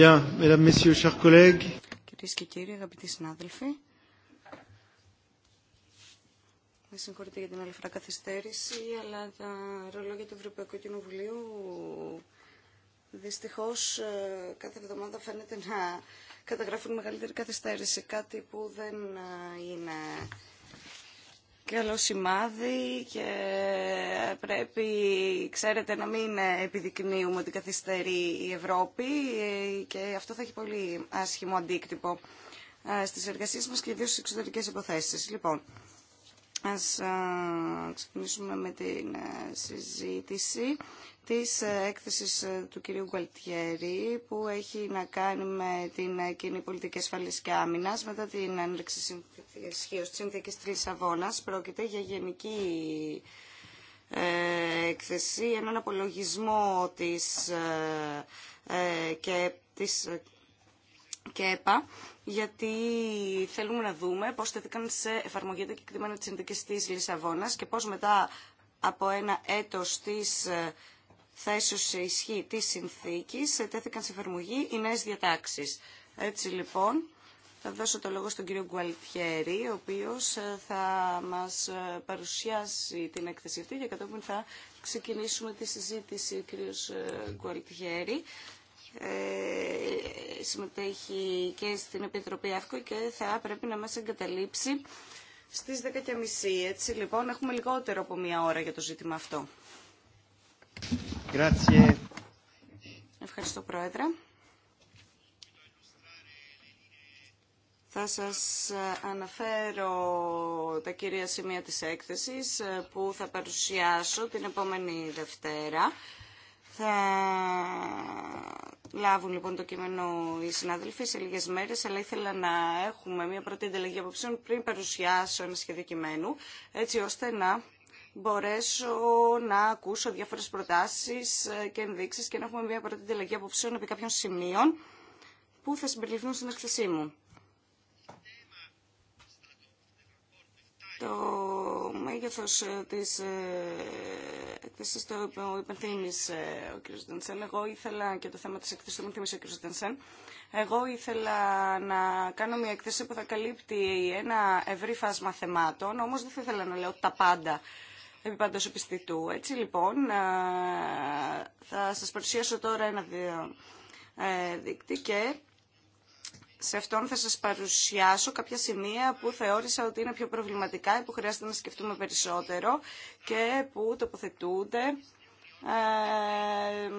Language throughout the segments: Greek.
Bien, mesdames, messieurs, chers collègues. Κυρίες και κύριοι, αγαπητοί συνάδελφοι, με συγχωρείτε για την άλλη φορά καθυστέρηση, αλλά τα ρολόγια του Ευρωπαϊκού Κοινοβουλίου δυστυχώς ε, κάθε εβδομάδα φαίνεται να καταγράφουν μεγαλύτερη καθυστέρηση, κάτι που δεν ε, είναι καλό σημάδι και πρέπει, ξέρετε, να μην επιδεικνύουμε ότι καθυστερεί η Ευρώπη και αυτό θα έχει πολύ άσχημο αντίκτυπο ε, στις εργασίες μας και ιδίως στις εξωτερικές υποθέσεις. Λοιπόν, ας ε, ξεκινήσουμε με την ε, συζήτηση της ε, έκθεσης ε, του κυρίου Γκουαλτιέρη που έχει να κάνει με την ε, κοινή πολιτική ασφαλής και άμυνας μετά την άνοιξη ισχύω της συνθήκης της Λισαβόνας. Πρόκειται για γενική έκθεση, έναν απολογισμό της και της και ΕΠΑ, γιατί θέλουμε να δούμε πώς τεθήκαν σε εφαρμογή τα κεκτημένα της συνθήκης της Λισαβόνας και πώς μετά από ένα έτος της θα σε ισχύ τη συνθήκη ετέθηκαν σε εφαρμογή οι νέε διατάξει. Έτσι λοιπόν, θα δώσω το λόγο στον κύριο Γκουαλτιέρη, ο οποίο ε, θα μα ε, παρουσιάσει την έκθεση αυτή και κατόπιν θα ξεκινήσουμε τη συζήτηση. Ο κύριο ε, Γκουαλτιέρη συμμετέχει και στην Επιτροπή ΑΦΚΟ και θα πρέπει να μας εγκαταλείψει στις 10.30. Έτσι λοιπόν έχουμε λιγότερο από μία ώρα για το ζήτημα αυτό. Ευχαριστώ, Πρόεδρε. Θα σας αναφέρω τα κυρία σημεία της έκθεσης ε, που θα παρουσιάσω την επόμενη Δευτέρα. Θα λάβουν λοιπόν το κείμενο οι συνάδελφοι σε λίγες μέρες, αλλά ήθελα να έχουμε μια πρώτη ανταλλαγή απόψεων πριν παρουσιάσω ένα σχέδιο κειμένου, έτσι ώστε να μπορέσω να ακούσω διάφορες προτάσεις ε, και ενδείξεις και να έχουμε μια πρώτη τελεγή αποψίων επί κάποιων σημείων που θα συμπεριληφθούν στην εκθεσή μου. Το μέγεθος ε, της ε, έκθεση το υπενθύμησε ο κ. Ντενσεν. Εγώ ήθελα και το θέμα της εκθεσής το ο κ. Εγώ ήθελα να κάνω μια εκθέση που θα καλύπτει ένα ευρύ φάσμα θεμάτων, όμως δεν θα ήθελα να λέω τα πάντα επί παντός επιστητού. Έτσι λοιπόν θα σας παρουσιάσω τώρα ένα δύο ε, δείκτη και σε αυτόν θα σας παρουσιάσω κάποια σημεία που θεώρησα ότι είναι πιο προβληματικά ή που χρειάζεται να σκεφτούμε περισσότερο και που τοποθετούνται ε,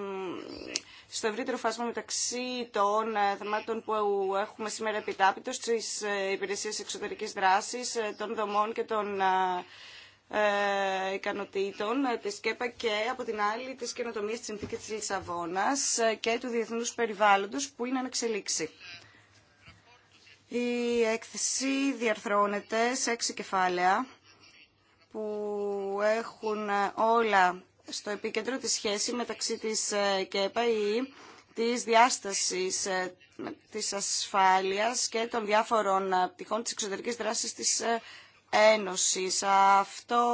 στο ευρύτερο φάσμα μεταξύ των ε, θεμάτων που έχουμε σήμερα επιτάπητος, της υπηρεσίας εξωτερικής δράσης, των δομών και των ε, ικανοτήτων ε, τη ΚΕΠΑ και από την άλλη της καινοτομίας της συνθήκης της Λισαβόνας ε, και του διεθνού περιβάλλοντος που είναι ανεξελίξη. Η έκθεση διαρθρώνεται σε έξι κεφάλαια που έχουν όλα στο επίκεντρο τη σχέση μεταξύ της ΚΕΠΑ ή της διάστασης της ασφάλειας και των διάφορων πτυχών της εξωτερικής δράσης της Ένωσης. Αυτό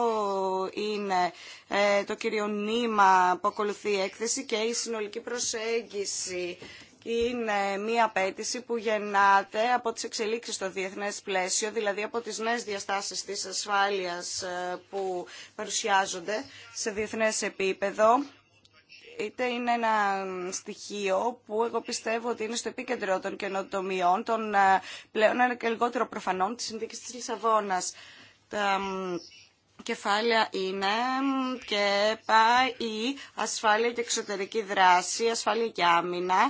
είναι ε, το κύριο νήμα που ακολουθεί η έκθεση και η συνολική προσέγγιση είναι μία απέτηση που γεννάται από τις εξελίξεις στο διεθνές πλαίσιο, δηλαδή από τις νέες διαστάσεις της ασφάλειας ε, που παρουσιάζονται σε διεθνές επίπεδο είτε είναι ένα στοιχείο που εγώ πιστεύω ότι είναι στο επίκεντρο των καινοτομιών, των ε, πλέον αλλά και λιγότερο προφανών της συνθήκη τη Λισαβόνα. Τα κεφάλαια είναι και πάει η ασφάλεια και εξωτερική δράση, ασφάλεια και άμυνα,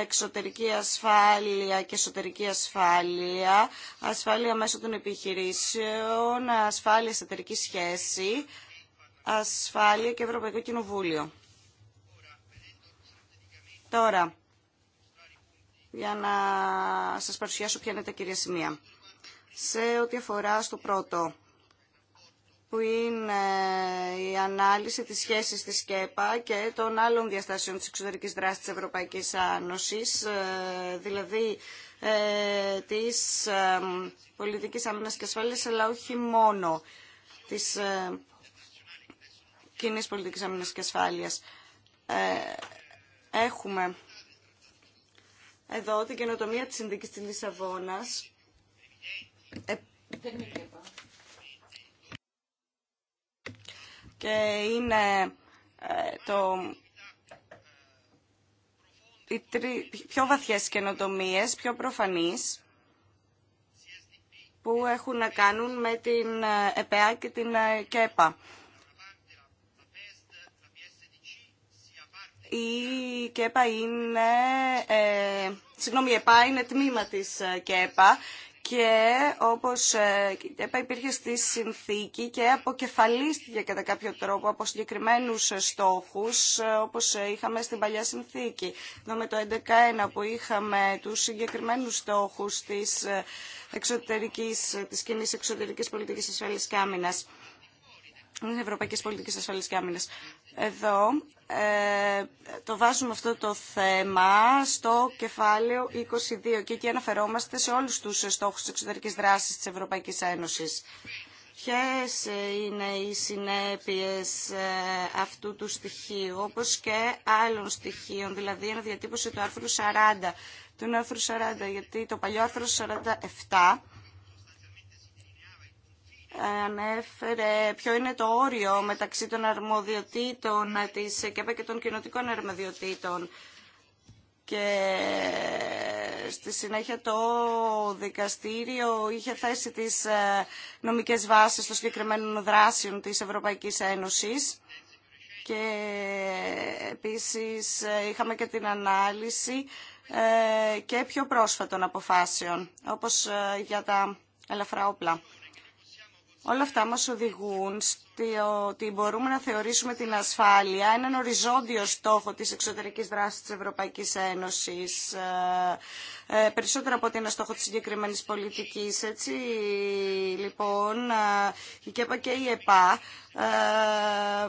εξωτερική ασφάλεια και εσωτερική ασφάλεια, ασφάλεια μέσω των επιχειρήσεων, ασφάλεια εσωτερική σχέση, ασφάλεια και Ευρωπαϊκό Κοινοβούλιο. Τώρα, για να σας παρουσιάσω ποια είναι τα κυρία σημεία. Σε ό,τι αφορά στο πρώτο, που είναι η ανάλυση της σχέσης της ΚΕΠΑ και των άλλων διαστάσεων της εξωτερικής δράσης της Ευρωπαϊκής Άνωσης, ε, δηλαδή ε, της ε, πολιτικής άμυνας και ασφάλειας, αλλά όχι μόνο της κοινή πολιτικής άμυνας και ασφάλειας. Έχουμε εδώ την καινοτομία της Συνδίκης της Λισαβόνας. Ε, και είναι ε, το οι πιο βαθιές καινοτομίε πιο προφανείς, που έχουν να κάνουν με την ε, ΕΠΑ και την ΚΕΠΑ. η ΚΕΠΑ είναι, ε, συγγνώμη, ΕΠΑ είναι τμήμα της ε, ΚΕΠΑ και όπως ε, κεπα υπήρχε στη συνθήκη και αποκεφαλίστηκε κατά κάποιο τρόπο από συγκεκριμένου ε, στόχους όπως είχαμε στην παλιά συνθήκη. Εδώ με το 2011 που είχαμε τους συγκεκριμένους στόχους της, εξωτερικής, της κοινής εξωτερικής πολιτικής ασφαλής και άμυνας. Ευρωπαϊκής Πολιτικής Ασφάλειας και Άμυνας. Εδώ ε, το βάζουμε αυτό το θέμα στο κεφάλαιο 22 και εκεί αναφερόμαστε σε όλους τους στόχους της εξωτερικής δράσης της Ευρωπαϊκής Ένωσης. Ποιε είναι οι συνέπειες ε, αυτού του στοιχείου, όπω και άλλων στοιχείων, δηλαδή αναδιατύπωση του άρθρου 40, του άρθρου 40, γιατί το παλιό άρθρο 47 ανέφερε ποιο είναι το όριο μεταξύ των αρμοδιοτήτων της ΚΕΠΑ και των κοινοτικών αρμοδιοτήτων. Και στη συνέχεια το δικαστήριο είχε θέσει τις ε, νομικές βάσεις των συγκεκριμένων δράσεων της Ευρωπαϊκής Ένωσης. Και επίσης ε, είχαμε και την ανάλυση ε, και πιο πρόσφατων αποφάσεων, όπως για τα ελαφρά όπλα. Όλα αυτά μας οδηγούν ότι μπορούμε να θεωρήσουμε την ασφάλεια έναν οριζόντιο στόχο της εξωτερικής δράσης της Ευρωπαϊκής Ένωσης, ε, ε, περισσότερο από ότι ένα στόχο της συγκεκριμένης πολιτικής. Έτσι, λοιπόν, ε, η ΚΕΠΑ και η ΕΠΑ,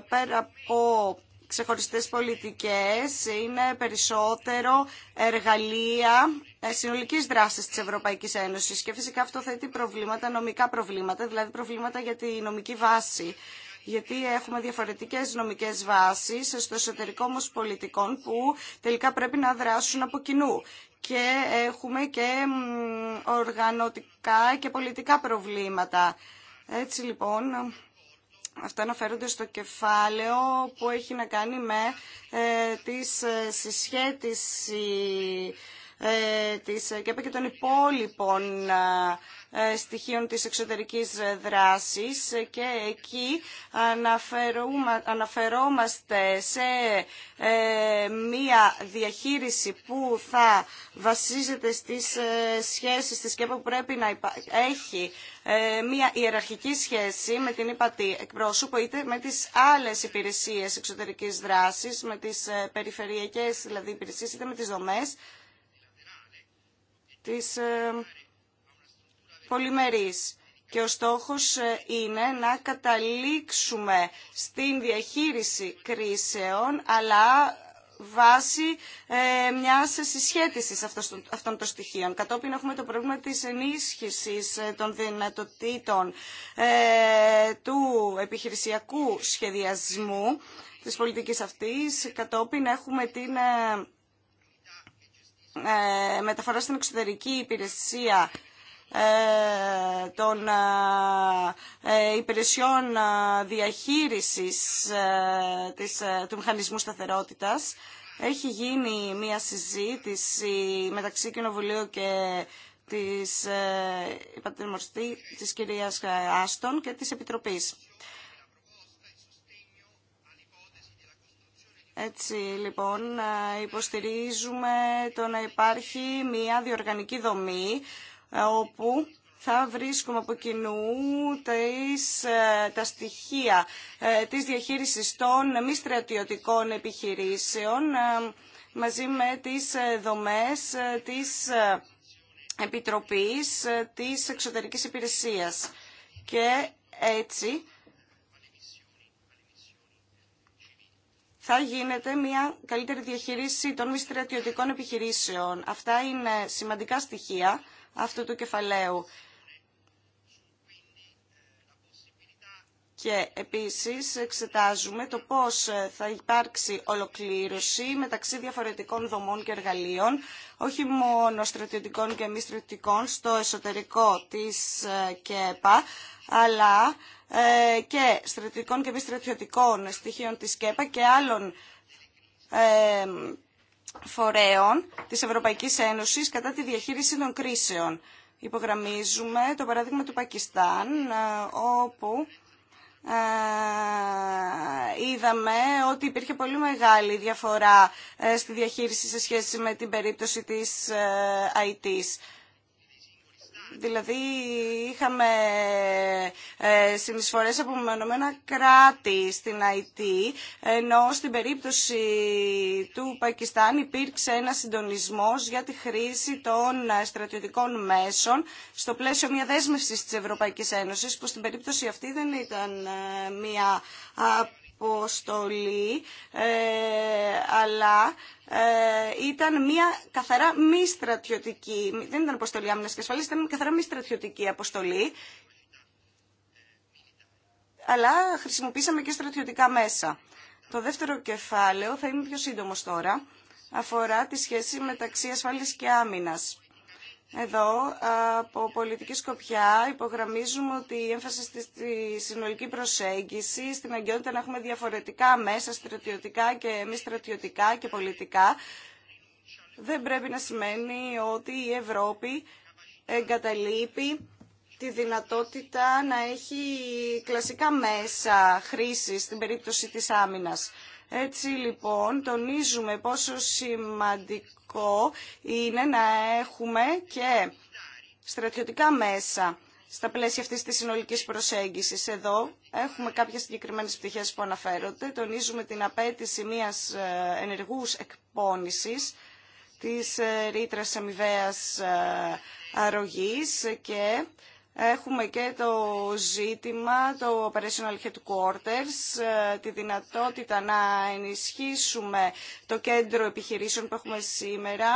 πέρα από ξεχωριστές πολιτικές, είναι περισσότερο εργαλεία ε, συνολική δράση τη Ευρωπαϊκή Ένωση. Και φυσικά αυτό θέτει προβλήματα, νομικά προβλήματα, δηλαδή προβλήματα για τη νομική βάση γιατί έχουμε διαφορετικέ νομικέ βάσει στο εσωτερικό όμω πολιτικών που τελικά πρέπει να δράσουν από κοινού. Και έχουμε και οργανωτικά και πολιτικά προβλήματα. Έτσι λοιπόν, αυτά αναφέρονται στο κεφάλαιο που έχει να κάνει με ε, τη ε, συσχέτιση ε, της ΚΕΠΑ και των υπόλοιπων ε, ε, στοιχείων της εξωτερικής δράσης και εκεί αναφερόμαστε σε μία διαχείριση που θα βασίζεται στις σχέσεις της ΚΕΠΑ που πρέπει να έχει μία ιεραρχική σχέση με την υπατή εκπρόσωπο είτε με τις άλλες υπηρεσίες εξωτερικής δράσης, με τις περιφερειακές δηλαδή υπηρεσίες είτε με τις δομές της ε, πολυμερής Και ο στόχος ε, είναι να καταλήξουμε στην διαχείριση κρίσεων, αλλά βάσει ε, μιας συσχέτισης αυτών των στοιχείων. Κατόπιν έχουμε το πρόβλημα της ενίσχυσης ε, των δυνατοτήτων του επιχειρησιακού σχεδιασμού της πολιτικής αυτής. Κατόπιν έχουμε την ε, μεταφορά στην εξωτερική υπηρεσία ε, των ε, υπηρεσιών διαχείρισης της, του μηχανισμού σταθερότητας. Έχει γίνει μια συζήτηση μεταξύ Κοινοβουλίου και της, της κυρίας Άστον και της Επιτροπής. Έτσι λοιπόν υποστηρίζουμε το να υπάρχει μια διοργανική δομή όπου θα βρίσκουμε από κοινού τα στοιχεία της διαχείρισης των μη στρατιωτικών επιχειρήσεων μαζί με τις δομές της Επιτροπής της Εξωτερικής Υπηρεσίας. Και έτσι θα γίνεται μια καλύτερη διαχείριση των μη στρατιωτικών επιχειρήσεων. Αυτά είναι σημαντικά στοιχεία αυτού του κεφαλαίου. Και επίσης εξετάζουμε το πώς θα υπάρξει ολοκλήρωση μεταξύ διαφορετικών δομών και εργαλείων, όχι μόνο στρατιωτικών και μη στρατιωτικών στο εσωτερικό της ΚΕΠΑ, αλλά ε, και στρατιωτικών και μη στρατιωτικών στοιχείων της ΚΕΠΑ και άλλων ε, φορέων της Ευρωπαϊκής Ένωσης κατά τη διαχείριση των κρίσεων. Υπογραμμίζουμε το παράδειγμα του Πακιστάν, ε, όπου είδαμε ότι υπήρχε πολύ μεγάλη διαφορά στη διαχείριση σε σχέση με την περίπτωση της IT's. Δηλαδή είχαμε ε, συνεισφορές από μεμονωμένα κράτη στην IT ενώ στην περίπτωση του Πακιστάν υπήρξε ένα συντονισμός για τη χρήση των στρατιωτικών μέσων στο πλαίσιο μια δέσμευσης της Ευρωπαϊκής Ένωσης, που στην περίπτωση αυτή δεν ήταν ε, μια αποστολή, ε, αλλά ε, ήταν μια καθαρά μη στρατιωτική, δεν ήταν αποστολή άμυνας και ασφαλής, ήταν καθαρά μη στρατιωτική αποστολή, αλλά χρησιμοποίησαμε και στρατιωτικά μέσα. Το δεύτερο κεφάλαιο, θα είμαι πιο σύντομο τώρα, αφορά τη σχέση μεταξύ ασφάλειας και άμυνας. Εδώ από πολιτική σκοπιά υπογραμμίζουμε ότι η έμφαση στη συνολική προσέγγιση, στην αγκαιότητα να έχουμε διαφορετικά μέσα στρατιωτικά και μη στρατιωτικά και πολιτικά, δεν πρέπει να σημαίνει ότι η Ευρώπη εγκαταλείπει τη δυνατότητα να έχει κλασικά μέσα χρήση στην περίπτωση της άμυνας. Έτσι λοιπόν τονίζουμε πόσο σημαντικό είναι να έχουμε και στρατιωτικά μέσα στα πλαίσια αυτής της συνολικής προσέγγισης. Εδώ έχουμε κάποιες συγκεκριμένες πτυχές που αναφέρονται. Τονίζουμε την απέτηση μιας ε, ενεργούς εκπόνησης της ε, ρήτρας αμοιβαίας ε, αρρωγής και Έχουμε και το ζήτημα, το Operational Headquarters, ε, τη δυνατότητα να ενισχύσουμε το κέντρο επιχειρήσεων που έχουμε σήμερα,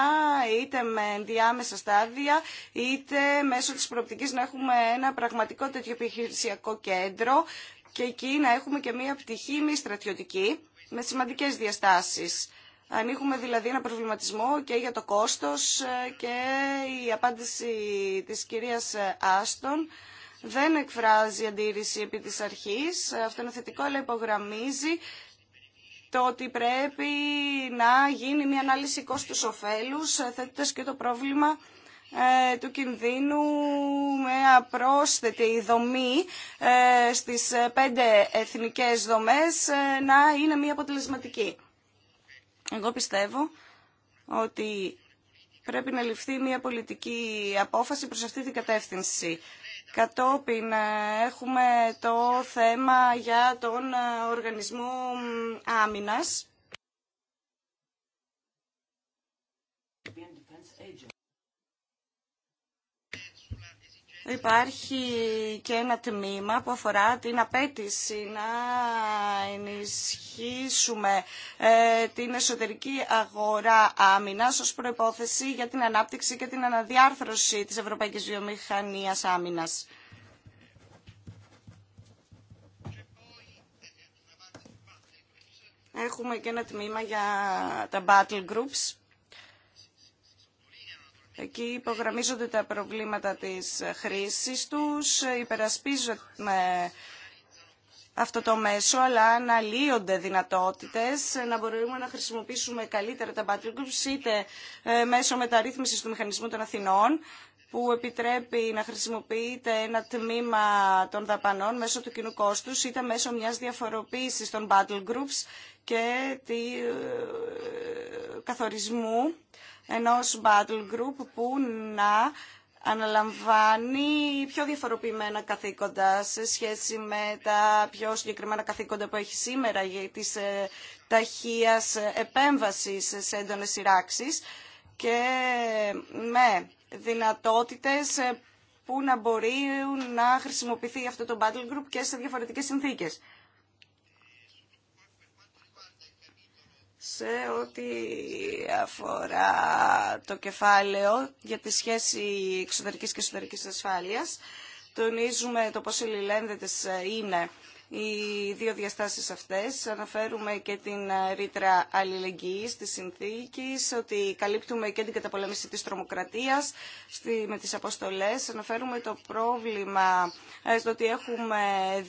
είτε με διάμεσα στάδια, είτε μέσω της προοπτικής να έχουμε ένα πραγματικό τέτοιο επιχειρησιακό κέντρο και εκεί να έχουμε και μία πτυχή μη στρατιωτική με σημαντικές διαστάσεις. Ανοίγουμε δηλαδή ένα προβληματισμό και για το κόστος ε, και η απάντηση της κυρίας ε, Άστον δεν εκφράζει αντίρρηση επί της αρχής. Ε, αυτό είναι θετικό, αλλά υπογραμμίζει το ότι πρέπει να γίνει μια ανάλυση κόστους ωφέλους, θέτοντας και το πρόβλημα του κινδύνου με απρόσθετη δομή στις πέντε εθνικές δομές να είναι μια αποτελεσματική. Εγώ πιστεύω ότι πρέπει να ληφθεί μια πολιτική απόφαση προς αυτή την κατεύθυνση. Κατόπιν ε, έχουμε το θέμα για τον ε, οργανισμό άμυνας υπάρχει και ένα τμήμα που αφορά την απέτηση να ενισχύσουμε ε, την εσωτερική αγορά άμυνας ως προϋπόθεση για την ανάπτυξη και την αναδιάρθρωση της Ευρωπαϊκής Βιομηχανίας Άμυνας. Έχουμε και ένα τμήμα για τα battle groups Εκεί υπογραμμίζονται τα προβλήματα της χρήσης τους, υπερασπίζουμε αυτό το μέσο, αλλά αναλύονται δυνατότητες να μπορούμε να χρησιμοποιήσουμε καλύτερα τα battle groups, είτε ε, μέσω μεταρρύθμισης του μηχανισμού των Αθηνών, που επιτρέπει να χρησιμοποιείται ένα τμήμα των δαπανών μέσω του κοινού κόστους, είτε μέσω μιας διαφοροποίησης των battle groups και του ε, καθορισμού ενός battle group που να αναλαμβάνει πιο διαφοροποιημένα καθήκοντα σε σχέση με τα πιο συγκεκριμένα καθήκοντα που έχει σήμερα για της ε, ταχείας επέμβασης σε έντονες σειράξεις και με δυνατότητες ε, που να μπορεί να χρησιμοποιηθεί αυτό το battle group και σε διαφορετικές συνθήκες. σε ό,τι αφορά το κεφάλαιο για τη σχέση εξωτερικής και εσωτερικής ασφάλειας. Τονίζουμε το πόσο λιλένδετες ε, είναι οι δύο διαστάσεις αυτές. Αναφέρουμε και την ρήτρα αλληλεγγύης της συνθήκης, ότι καλύπτουμε και την καταπολέμηση της τρομοκρατίας με τις αποστολές. Αναφέρουμε το πρόβλημα ε, στο ότι έχουμε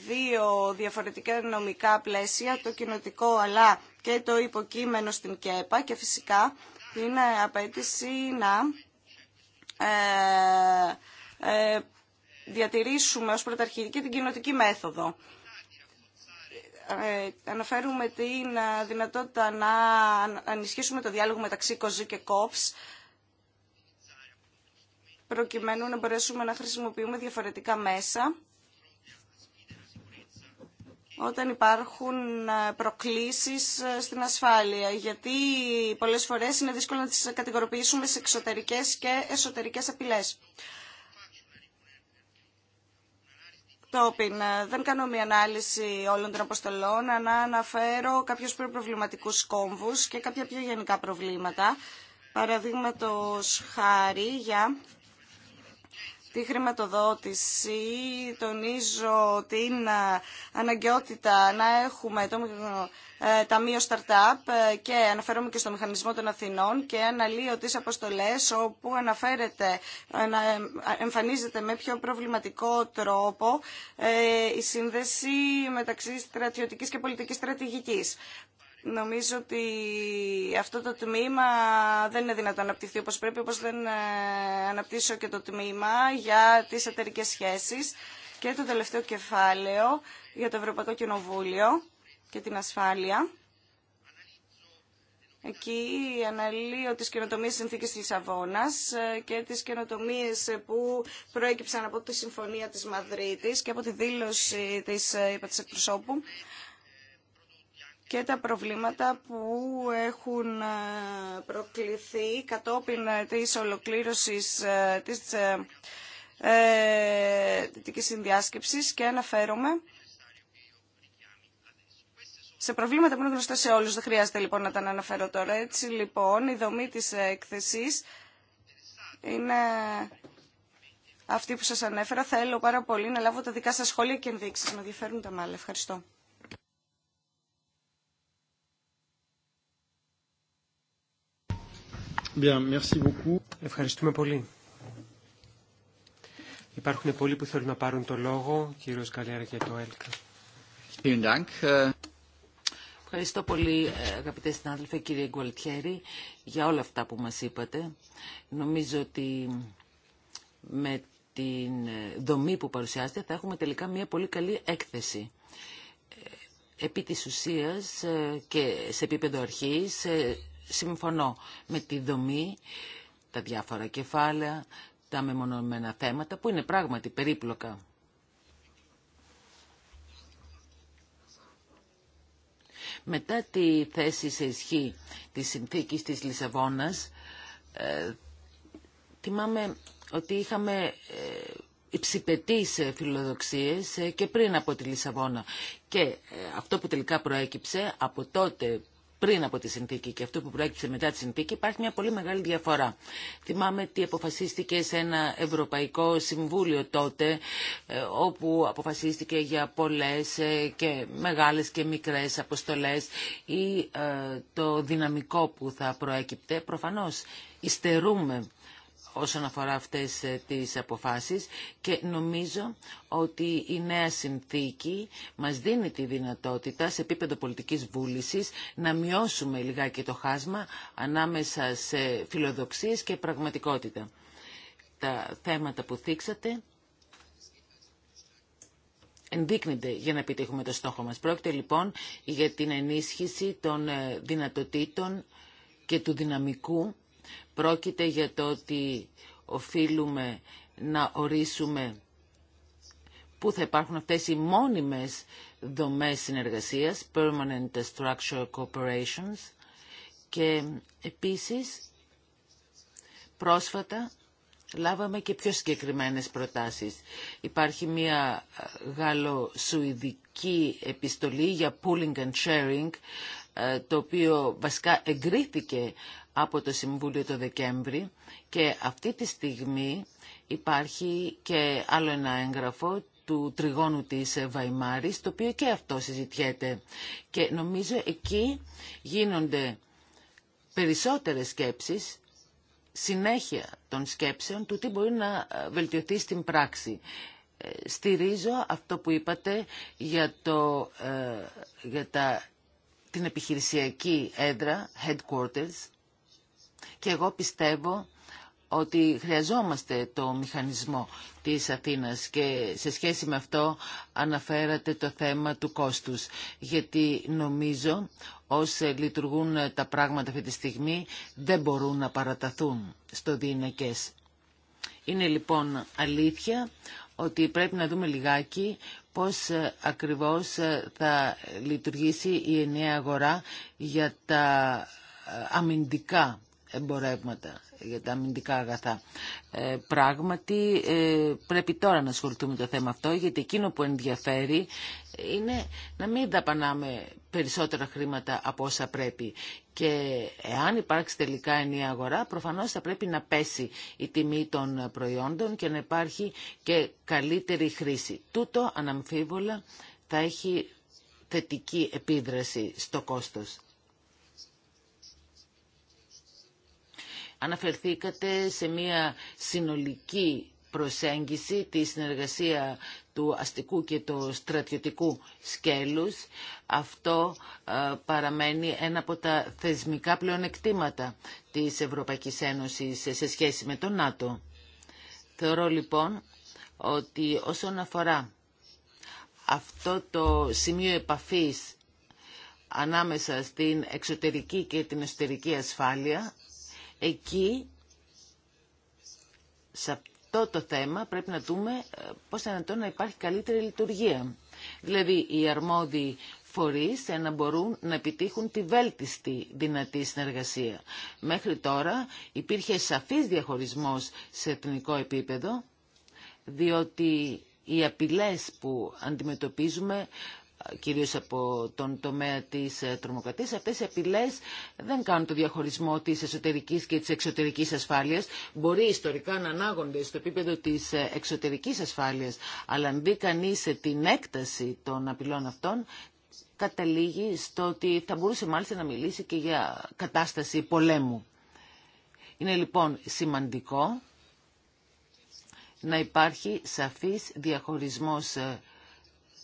δύο διαφορετικά νομικά πλαίσια, το κοινοτικό αλλά και το υποκείμενο στην ΚΕΠΑ και φυσικά είναι απέτηση να ε, ε, διατηρήσουμε ως και την κοινοτική μέθοδο. Ε, αναφέρουμε την ε, δυνατότητα να ανισχύσουμε το διάλογο μεταξύ ΚΟΖΙ και ΚΟΠΣ προκειμένου να μπορέσουμε να χρησιμοποιούμε διαφορετικά μέσα όταν υπάρχουν ε, προκλήσεις στην ασφάλεια, γιατί πολλές φορές είναι δύσκολο να τις κατηγοροποιήσουμε σε εξωτερικές και εσωτερικές απειλές. Κατόπιν, ε, δεν κάνω μια ανάλυση όλων των αποστολών, αλλά αναφέρω κάποιους προβληματικούς κόμβους και κάποια πιο γενικά προβλήματα. Παραδείγματο χάρη για τη χρηματοδότηση, τονίζω την ε, αναγκαιότητα να έχουμε το ε, ταμείο Startup ε, και αναφέρομαι και στο Μηχανισμό των Αθηνών και αναλύω τις αποστολές όπου αναφέρεται, ε, εμφανίζεται με πιο προβληματικό τρόπο η σύνδεση μεταξύ στρατιωτικής και πολιτικής στρατηγικής. Νομίζω ότι αυτό το τμήμα δεν είναι δυνατό να αναπτυχθεί όπως πρέπει, όπως δεν αναπτύσσω και το τμήμα για τις εταιρικές σχέσεις και το τελευταίο κεφάλαιο για το Ευρωπαϊκό Κοινοβούλιο και την ασφάλεια. Εκεί αναλύω τις καινοτομίες συνθήκης της Λισαβόνας ε, και τις καινοτομίες που προέκυψαν από τη Συμφωνία της Μαδρίτης και από τη δήλωση της ε, εκπροσώπου και τα προβλήματα που έχουν ε, προκληθεί κατόπιν της ολοκλήρωσης της δυτικής συνδιάσκεψης και αναφέρομαι σε προβλήματα που είναι γνωστά σε όλους. Δεν χρειάζεται λοιπόν να τα αναφέρω τώρα. Έτσι λοιπόν η δομή της έκθεσης είναι αυτή που σας ανέφερα. Θέλω πάρα πολύ να λάβω τα δικά σας σχόλια και ενδείξεις. Με ενδιαφέρουν τα μάλλα. Ευχαριστώ. Bien, merci beaucoup. Ευχαριστούμε πολύ. Υπάρχουν πολλοί που θέλουν να πάρουν το λόγο. Κύριος Καλέρα και το ΕΛΚΑ. Ευχαριστώ πολύ ε, αγαπητέ συνάδελφε κύριε Γκουαλτιέρη για όλα αυτά που μας είπατε. Νομίζω ότι με την ε, δομή που παρουσιάσετε θα έχουμε τελικά μια πολύ καλή έκθεση. Ε, επί της ουσίας και σε επίπεδο αρχής συμφωνώ με τη δομή, τα διάφορα κεφάλαια, τα μεμονωμένα θέματα που είναι πράγματι περίπλοκα. Μετά τη θέση σε ισχύ της συνθήκης της Λισαβόνας, ε, θυμάμαι ότι είχαμε ε, υψηπετείς ε, φιλοδοξίες ε, και πριν από τη Λισαβόνα. Και αυτό που τελικά προέκυψε από τότε πριν από τη συνθήκη και αυτό που προέκυψε μετά τη συνθήκη υπάρχει μια πολύ μεγάλη διαφορά. Θυμάμαι τι αποφασίστηκε σε ένα Ευρωπαϊκό Συμβούλιο τότε ε, όπου αποφασίστηκε για πολλές ε, και μεγάλες και μικρές αποστολές ή ε, το δυναμικό που θα προέκυπτε. Προφανώς υστερούμε όσον αφορά αυτές ε, τις αποφάσεις και νομίζω ότι η νέα συνθήκη μας δίνει τη δυνατότητα σε επίπεδο πολιτικής βούλησης να μειώσουμε λιγάκι το χάσμα ανάμεσα σε φιλοδοξίες και πραγματικότητα. Τα θέματα που θίξατε ενδείκνυνται για να επιτύχουμε το στόχο μας. Πρόκειται λοιπόν για την ενίσχυση των ε, δυνατοτήτων και του δυναμικού Πρόκειται για το ότι οφείλουμε να ορίσουμε πού θα υπάρχουν αυτές οι μόνιμες δομές συνεργασίας, Permanent Structure Corporations, και επίσης πρόσφατα λάβαμε και πιο συγκεκριμένες προτάσεις. Υπάρχει μια γαλλο-σουηδική επιστολή για pooling and sharing ε, το οποίο βασικά εγκρίθηκε από το Συμβούλιο το Δεκέμβρη και αυτή τη στιγμή υπάρχει και άλλο ένα έγγραφο του τριγώνου της Βαϊμάρης, το οποίο και αυτό συζητιέται. Και νομίζω εκεί γίνονται περισσότερες σκέψεις, συνέχεια των σκέψεων του τι μπορεί να ε, βελτιωθεί στην πράξη. Ε, στηρίζω αυτό που είπατε για, το, για τα την επιχειρησιακή έδρα, headquarters, και εγώ πιστεύω ότι χρειαζόμαστε το μηχανισμό της Αθήνας και σε σχέση με αυτό αναφέρατε το θέμα του κόστους γιατί νομίζω όσοι λειτουργούν τα πράγματα αυτή τη στιγμή δεν μπορούν να παραταθούν στο δίνεκες Είναι λοιπόν αλήθεια ότι πρέπει να δούμε λιγάκι πώς ε, ακριβώς ε, θα λειτουργήσει η ενιαία αγορά για τα ε, αμυντικά εμπορεύματα, για τα αμυντικά αγαθά. Ε, πράγματι ε, πρέπει τώρα να ασχοληθούμε το θέμα αυτό γιατί εκείνο που ενδιαφέρει είναι να μην δαπανάμε περισσότερα χρήματα από όσα πρέπει. Και εάν υπάρξει τελικά ενιαία αγορά, προφανώς θα πρέπει να πέσει η τιμή των προϊόντων και να υπάρχει και καλύτερη χρήση. Τούτο αναμφίβολα θα έχει θετική επίδραση στο κόστος. Αναφερθήκατε σε μια συνολική προσέγγιση, τη συνεργασία του αστικού και του στρατιωτικού σκέλους. Αυτό ε, παραμένει ένα από τα θεσμικά πλεονεκτήματα της Ευρωπαϊκής Ένωσης σε σχέση με τον ΝΑΤΟ. Θεωρώ λοιπόν ότι όσον αφορά αυτό το σημείο επαφής ανάμεσα στην εξωτερική και την εσωτερική ασφάλεια, Εκεί, σε αυτό το θέμα, πρέπει να δούμε ε, πώς θα να υπάρχει καλύτερη λειτουργία. Δηλαδή, οι αρμόδιοι φορείς ε, να μπορούν να επιτύχουν τη βέλτιστη δυνατή συνεργασία. Μέχρι τώρα υπήρχε σαφής διαχωρισμός σε εθνικό επίπεδο, διότι οι απειλές που αντιμετωπίζουμε κυρίως από τον τομέα της ε, τρομοκρατίας, αυτές οι απειλές δεν κάνουν το διαχωρισμό της εσωτερικής και της εξωτερικής ασφάλειας. Μπορεί ιστορικά να ανάγονται στο επίπεδο της ε, εξωτερικής ασφάλειας, αλλά αν δει κανεί ε, την έκταση των απειλών αυτών, καταλήγει στο ότι θα μπορούσε μάλιστα να μιλήσει και για κατάσταση πολέμου. Είναι λοιπόν σημαντικό να υπάρχει σαφής διαχωρισμός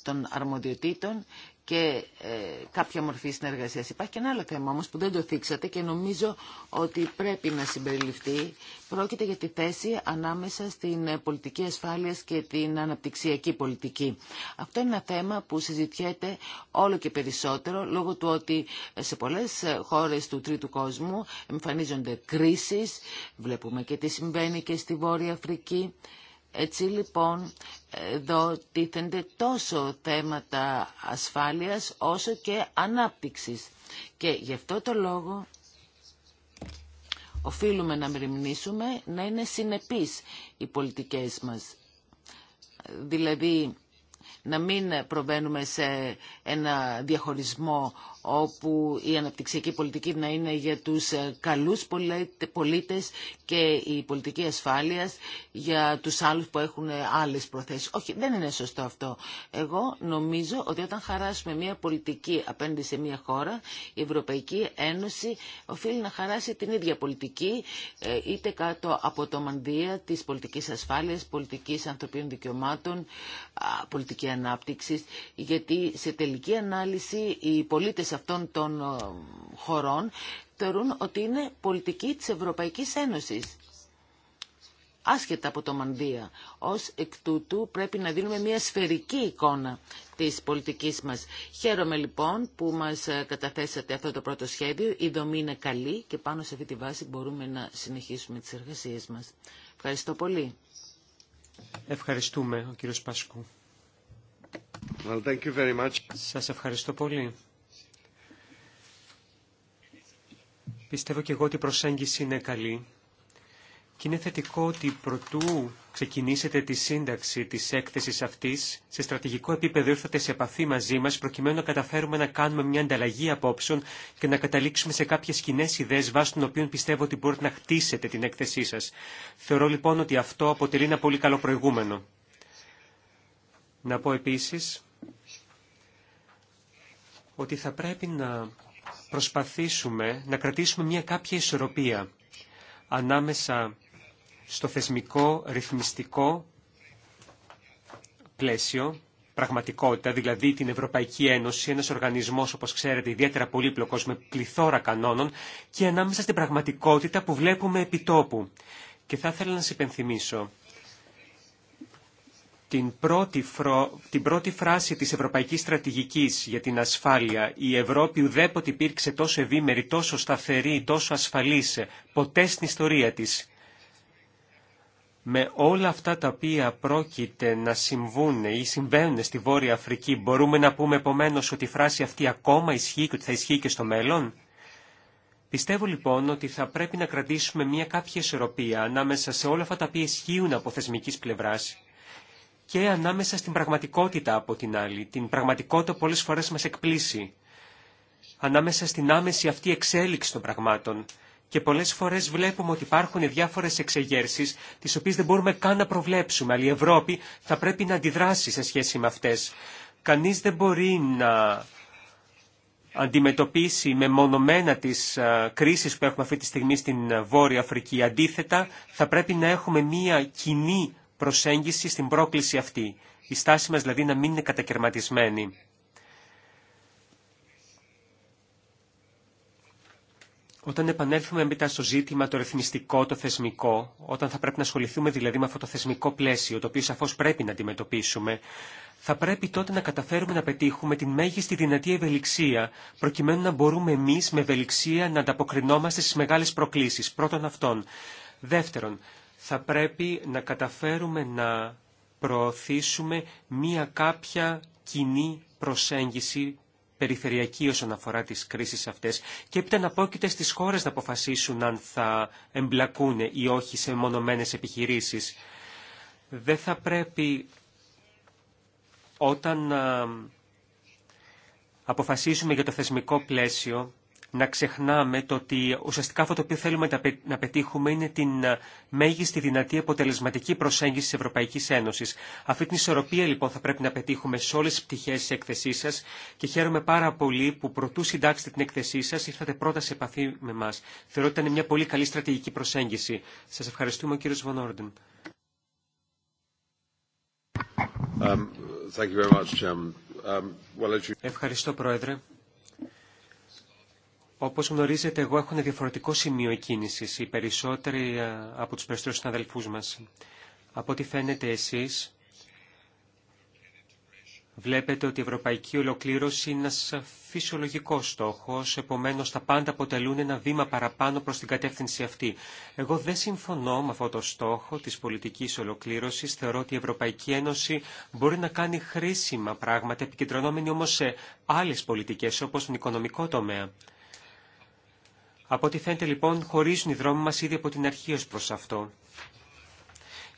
των αρμοδιοτήτων και ε, κάποια μορφή συνεργασία. Υπάρχει και ένα άλλο θέμα όμω που δεν το θίξατε και νομίζω ότι πρέπει να συμπεριληφθεί. Πρόκειται για τη θέση ανάμεσα στην πολιτική ασφάλεια και την αναπτυξιακή πολιτική. Αυτό είναι ένα θέμα που συζητιέται όλο και περισσότερο λόγω του ότι σε πολλέ χώρε του τρίτου κόσμου εμφανίζονται κρίσει. Βλέπουμε και τι συμβαίνει και στη Βόρεια Αφρική. Έτσι λοιπόν εδώ τίθενται τόσο θέματα ασφάλειας όσο και ανάπτυξης. Και γι' αυτό το λόγο οφείλουμε να μεριμνήσουμε να είναι συνεπείς οι πολιτικές μας. Δηλαδή να μην προβαίνουμε σε ένα διαχωρισμό όπου η αναπτυξιακή πολιτική να είναι για τους ε, καλούς πολίτες και η πολιτική ασφάλειας για τους άλλους που έχουν ε, άλλες προθέσεις. Όχι, δεν είναι σωστό αυτό. Εγώ νομίζω ότι όταν χαράσουμε μια πολιτική απέναντι σε μια χώρα, η Ευρωπαϊκή Ένωση οφείλει να χαράσει την ίδια πολιτική, ε, είτε κάτω από το μανδύα της πολιτικής ασφάλειας, πολιτικής ανθρωπίνων δικαιωμάτων, πολιτική ανάπτυξης, γιατί σε τελική ανάλυση οι πολίτες αυτών των ε, χωρών θεωρούν ότι είναι πολιτική της Ευρωπαϊκής Ένωσης άσχετα από το Μανδύα. Ως εκ τούτου πρέπει να δίνουμε μια σφαιρική εικόνα της πολιτικής μας. Χαίρομαι λοιπόν που μας ε, καταθέσατε αυτό το πρώτο σχέδιο. Η δομή είναι καλή και πάνω σε αυτή τη βάση μπορούμε να συνεχίσουμε τις εργασίες μας. Ευχαριστώ πολύ. Ευχαριστούμε ο κύριος Πασκού. Well, Σας ευχαριστώ πολύ. Πιστεύω και εγώ ότι η προσέγγιση είναι καλή και είναι θετικό ότι προτού ξεκινήσετε τη σύνταξη της έκθεσης αυτής, σε στρατηγικό επίπεδο ήρθατε σε επαφή μαζί μας προκειμένου να καταφέρουμε να κάνουμε μια ανταλλαγή απόψεων και να καταλήξουμε σε κάποιες κοινέ ιδέες βάσει των οποίων πιστεύω ότι μπορείτε να χτίσετε την έκθεσή σας. Θεωρώ λοιπόν ότι αυτό αποτελεί ένα πολύ καλό προηγούμενο. Να πω επίσης ότι θα πρέπει να προσπαθήσουμε να κρατήσουμε μια κάποια ισορροπία ανάμεσα στο θεσμικό, ρυθμιστικό πλαίσιο, πραγματικότητα, δηλαδή την Ευρωπαϊκή Ένωση, ένας οργανισμός, όπως ξέρετε, ιδιαίτερα πολύπλοκος, με πληθώρα κανόνων, και ανάμεσα στην πραγματικότητα που βλέπουμε επιτόπου, Και θα ήθελα να σας υπενθυμίσω την πρώτη, φράση της Ευρωπαϊκής Στρατηγικής για την ασφάλεια «Η Ευρώπη ουδέποτε υπήρξε τόσο ευήμερη, τόσο σταθερή, τόσο ασφαλής, ε, ποτέ στην ιστορία της». Με όλα αυτά τα οποία πρόκειται να συμβούν ή συμβαίνουν στη Βόρεια Αφρική, μπορούμε να πούμε επομένω ότι η φράση αυτή ακόμα ισχύει και ότι θα ισχύει και στο μέλλον. Πιστεύω λοιπόν ότι θα πρέπει να κρατήσουμε μια κάποια ισορροπία ανάμεσα σε όλα αυτά τα οποία ισχύουν από θεσμική πλευράς και ανάμεσα στην πραγματικότητα από την άλλη. Την πραγματικότητα πολλές φορές μας εκπλήσει. Ανάμεσα στην άμεση αυτή εξέλιξη των πραγμάτων. Και πολλές φορές βλέπουμε ότι υπάρχουν διάφορες εξεγέρσεις, τις οποίες δεν μπορούμε καν να προβλέψουμε, αλλά η Ευρώπη θα πρέπει να αντιδράσει σε σχέση με αυτές. Κανείς δεν μπορεί να αντιμετωπίσει με μονομένα τις κρίσεις που έχουμε αυτή τη στιγμή στην Βόρεια Αφρική. Αντίθετα, θα πρέπει να έχουμε μία κοινή προσέγγιση στην πρόκληση αυτή. Η στάση μας δηλαδή να μην είναι κατακαιρματισμένη. Όταν επανέλθουμε μετά στο ζήτημα το ρυθμιστικό, το θεσμικό, όταν θα πρέπει να ασχοληθούμε δηλαδή με αυτό το θεσμικό πλαίσιο, το οποίο σαφώ πρέπει να αντιμετωπίσουμε, θα πρέπει τότε να καταφέρουμε να πετύχουμε την μέγιστη δυνατή ευελιξία, προκειμένου να μπορούμε εμεί με ευελιξία να ανταποκρινόμαστε στι μεγάλε προκλήσει. Πρώτον αυτόν. Δεύτερον, θα πρέπει να καταφέρουμε να προωθήσουμε μία κάποια κοινή προσέγγιση περιφερειακή όσον αφορά τις κρίσεις αυτές και έπειτα να πόκειται στις χώρες να αποφασίσουν αν θα εμπλακούν ή όχι σε μονομένες επιχειρήσεις. Δεν θα πρέπει όταν αποφασίσουμε για το θεσμικό πλαίσιο να ξεχνάμε το ότι ουσιαστικά αυτό το οποίο θέλουμε να πετύχουμε είναι την ε, μέγιστη δυνατή αποτελεσματική προσέγγιση της Ευρωπαϊκής Ένωσης. Αυτή την ισορροπία λοιπόν θα πρέπει να πετύχουμε σε όλες τις πτυχές της έκθεσής σας και χαίρομαι πάρα πολύ που προτού συντάξετε την έκθεσή σας ήρθατε πρώτα σε επαφή με εμά. Θεωρώ ότι ήταν μια πολύ καλή στρατηγική προσέγγιση. Σας ευχαριστούμε ο κύριος Βανόρντεν. Um, um Ευχαριστώ Πρόεδρε. Όπως γνωρίζετε, εγώ έχω ένα διαφορετικό σημείο κίνησης, οι περισσότεροι ε, από τους περισσότερους συναδελφούς μας. Από ό,τι φαίνεται εσείς, βλέπετε ότι η ευρωπαϊκή ολοκλήρωση είναι ένας φυσιολογικός στόχος, επομένως τα πάντα αποτελούν ένα βήμα παραπάνω προς την κατεύθυνση αυτή. Εγώ δεν συμφωνώ με αυτό το στόχο της πολιτικής ολοκλήρωσης. Θεωρώ ότι η Ευρωπαϊκή Ένωση μπορεί να κάνει χρήσιμα πράγματα, επικεντρωνόμενη όμω σε άλλες πολιτικές, όπως τον οικονομικό τομέα. Από ό,τι φαίνεται λοιπόν χωρίζουν οι δρόμοι μας ήδη από την αρχή ως προς αυτό.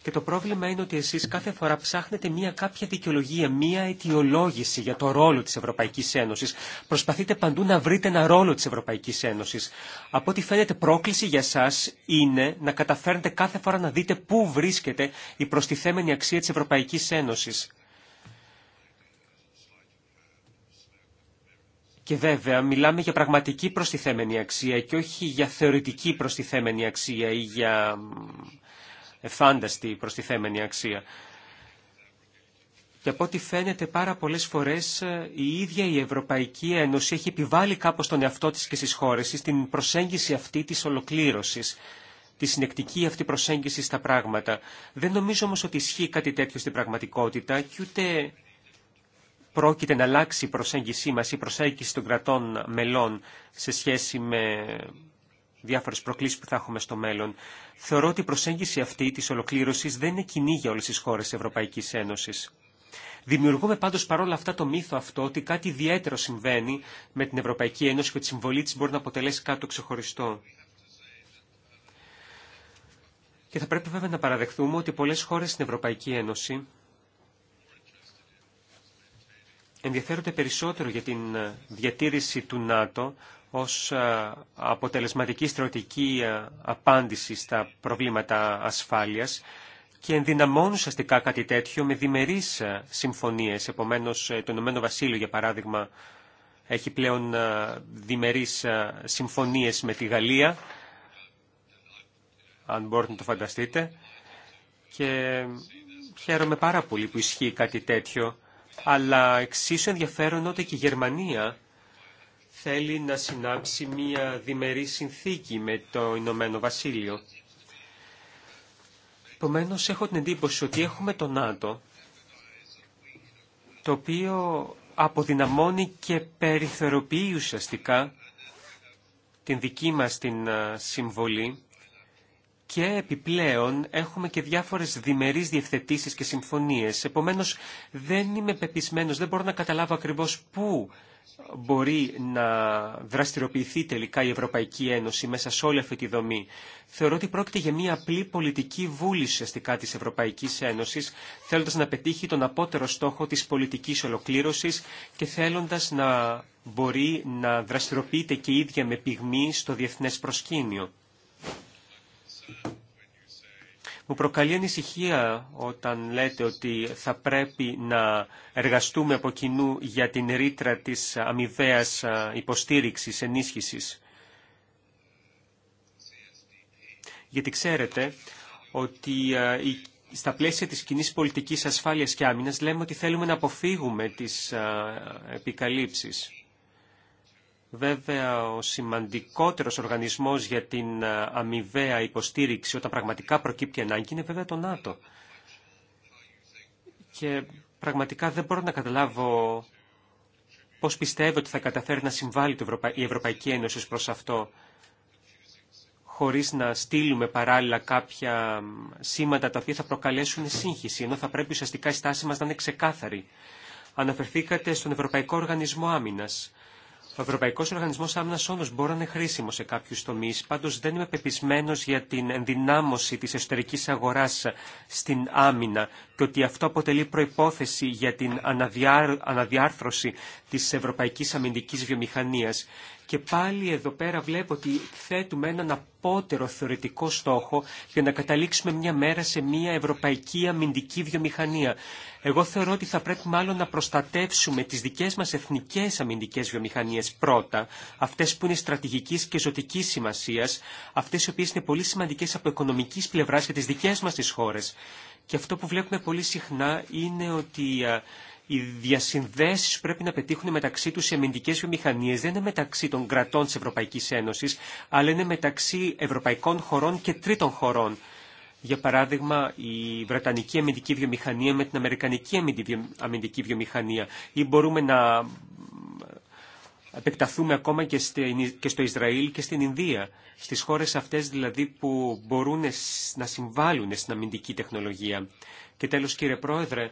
Και το πρόβλημα είναι ότι εσείς κάθε φορά ψάχνετε μία κάποια δικαιολογία, μία αιτιολόγηση για το ρόλο της Ευρωπαϊκής Ένωσης. Προσπαθείτε παντού να βρείτε ένα ρόλο της Ευρωπαϊκής Ένωσης. Από ό,τι φαίνεται πρόκληση για σας είναι να καταφέρετε κάθε φορά να δείτε πού βρίσκεται η προστιθέμενη αξία της Ευρωπαϊκής Ένωσης. Και βέβαια μιλάμε για πραγματική προστιθέμενη αξία και όχι για θεωρητική προστιθέμενη αξία ή για εφάνταστη προστιθέμενη αξία. Και από ό,τι φαίνεται πάρα πολλές φορές ε, η ίδια η Ευρωπαϊκή Ένωση έχει επιβάλει κάπως τον εαυτό της και στις χώρες της την προσέγγιση αυτή της ολοκλήρωσης, τη συνεκτική αυτή προσέγγιση στα πράγματα. Δεν νομίζω όμως ότι ισχύει κάτι τέτοιο στην πραγματικότητα και ούτε πρόκειται να αλλάξει η προσέγγιση μας, η προσέγγιση των κρατών μελών σε σχέση με διάφορες προκλήσεις που θα έχουμε στο μέλλον. Θεωρώ ότι η προσέγγιση αυτή της ολοκλήρωσης δεν είναι κοινή για όλες τις χώρες της Ευρωπαϊκής Ένωσης. Δημιουργούμε πάντως παρόλα αυτά το μύθο αυτό ότι κάτι ιδιαίτερο συμβαίνει με την Ευρωπαϊκή Ένωση και ότι η συμβολή της μπορεί να αποτελέσει κάτι ξεχωριστό. Και θα πρέπει βέβαια να παραδεχθούμε ότι πολλές χώρες στην Ευρωπαϊκή Ένωση ενδιαφέρονται περισσότερο για την ε, διατήρηση του ΝΑΤΟ ως ε, αποτελεσματική στρατηγική ε, απάντηση στα προβλήματα ασφάλειας και ενδυναμώνουν ουσιαστικά κάτι τέτοιο με διμερείς συμφωνίες. Επομένως, το Ηνωμένο Βασίλειο, για παράδειγμα, έχει πλέον διμερείς συμφωνίες με τη Γαλλία, αν μπορείτε να το φανταστείτε, και χαίρομαι πάρα πολύ που ισχύει κάτι τέτοιο αλλά εξίσου ενδιαφέρον ότι και η Γερμανία θέλει να συνάψει μία διμερή συνθήκη με το Ηνωμένο Βασίλειο. Επομένω, έχω την εντύπωση ότι έχουμε το ΝΑΤΟ, το οποίο αποδυναμώνει και περιθεροποιεί ουσιαστικά την δική μας την συμβολή και επιπλέον έχουμε και διάφορες διμερείς διευθετήσεις και συμφωνίες. Επομένως δεν είμαι πεπισμένος, δεν μπορώ να καταλάβω ακριβώς πού μπορεί να δραστηριοποιηθεί τελικά η Ευρωπαϊκή Ένωση μέσα σε όλη αυτή τη δομή. Θεωρώ ότι πρόκειται για μια απλή πολιτική βούληση αστικά της Ευρωπαϊκής Ένωσης, θέλοντας να πετύχει τον απότερο στόχο της πολιτικής ολοκλήρωσης και θέλοντας να μπορεί να δραστηριοποιείται και ίδια με πυγμή στο διεθνές προσκήνιο. Μου προκαλεί ανησυχία όταν λέτε ότι θα πρέπει να εργαστούμε από κοινού για την ρήτρα της αμοιβαία υποστήριξης, ενίσχυσης. Γιατί ξέρετε ότι στα πλαίσια της κοινή πολιτικής ασφάλειας και άμυνας λέμε ότι θέλουμε να αποφύγουμε τις επικαλύψεις. Βέβαια, ο σημαντικότερος οργανισμός για την ε, αμοιβαία υποστήριξη όταν πραγματικά προκύπτει ανάγκη είναι βέβαια το ΝΑΤΟ. Και πραγματικά δεν μπορώ να καταλάβω πώς πιστεύω ότι θα καταφέρει να συμβάλλει η Ευρωπαϊκή Ένωση προς αυτό χωρίς να στείλουμε παράλληλα κάποια σήματα τα οποία θα προκαλέσουν σύγχυση, ενώ θα πρέπει ουσιαστικά η στάση μας να είναι ξεκάθαρη. Αναφερθήκατε στον Ευρωπαϊκό Οργανισμό Άμυνας. Ο Ευρωπαϊκό Οργανισμό Άμυνα όντω μπορεί να είναι χρήσιμο σε κάποιου τομεί, πάντω δεν είμαι πεπισμένο για την ενδυνάμωση τη εσωτερική αγορά στην άμυνα και ότι αυτό αποτελεί προπόθεση για την αναδιάρθρωση τη ευρωπαϊκή αμυντική βιομηχανία. Και πάλι εδώ πέρα βλέπω ότι θέτουμε έναν απότερο θεωρητικό στόχο για να καταλήξουμε μια μέρα σε μια ευρωπαϊκή αμυντική βιομηχανία. Εγώ θεωρώ ότι θα πρέπει μάλλον να προστατεύσουμε τις δικές μας εθνικές αμυντικές βιομηχανίες πρώτα, αυτές που είναι στρατηγικής και ζωτικής σημασίας, αυτές οι οποίες είναι πολύ σημαντικές από οικονομικής πλευράς για τις δικές μας τις χώρες. Και αυτό που βλέπουμε πολύ συχνά είναι ότι οι διασυνδέσει πρέπει να πετύχουν μεταξύ του οι αμυντικέ βιομηχανίε δεν είναι μεταξύ των κρατών τη Ευρωπαϊκή Ένωση, αλλά είναι μεταξύ ευρωπαϊκών χωρών και τρίτων χωρών. Για παράδειγμα, η Βρετανική αμυντική βιομηχανία με την Αμερικανική αμυντική βιομηχανία. Ή μπορούμε να επεκταθούμε ακόμα και, στο Ισραήλ και στην Ινδία. Στις χώρες αυτές δηλαδή που μπορούν να συμβάλλουν στην αμυντική τεχνολογία. Και τέλος κύριε Πρόεδρε,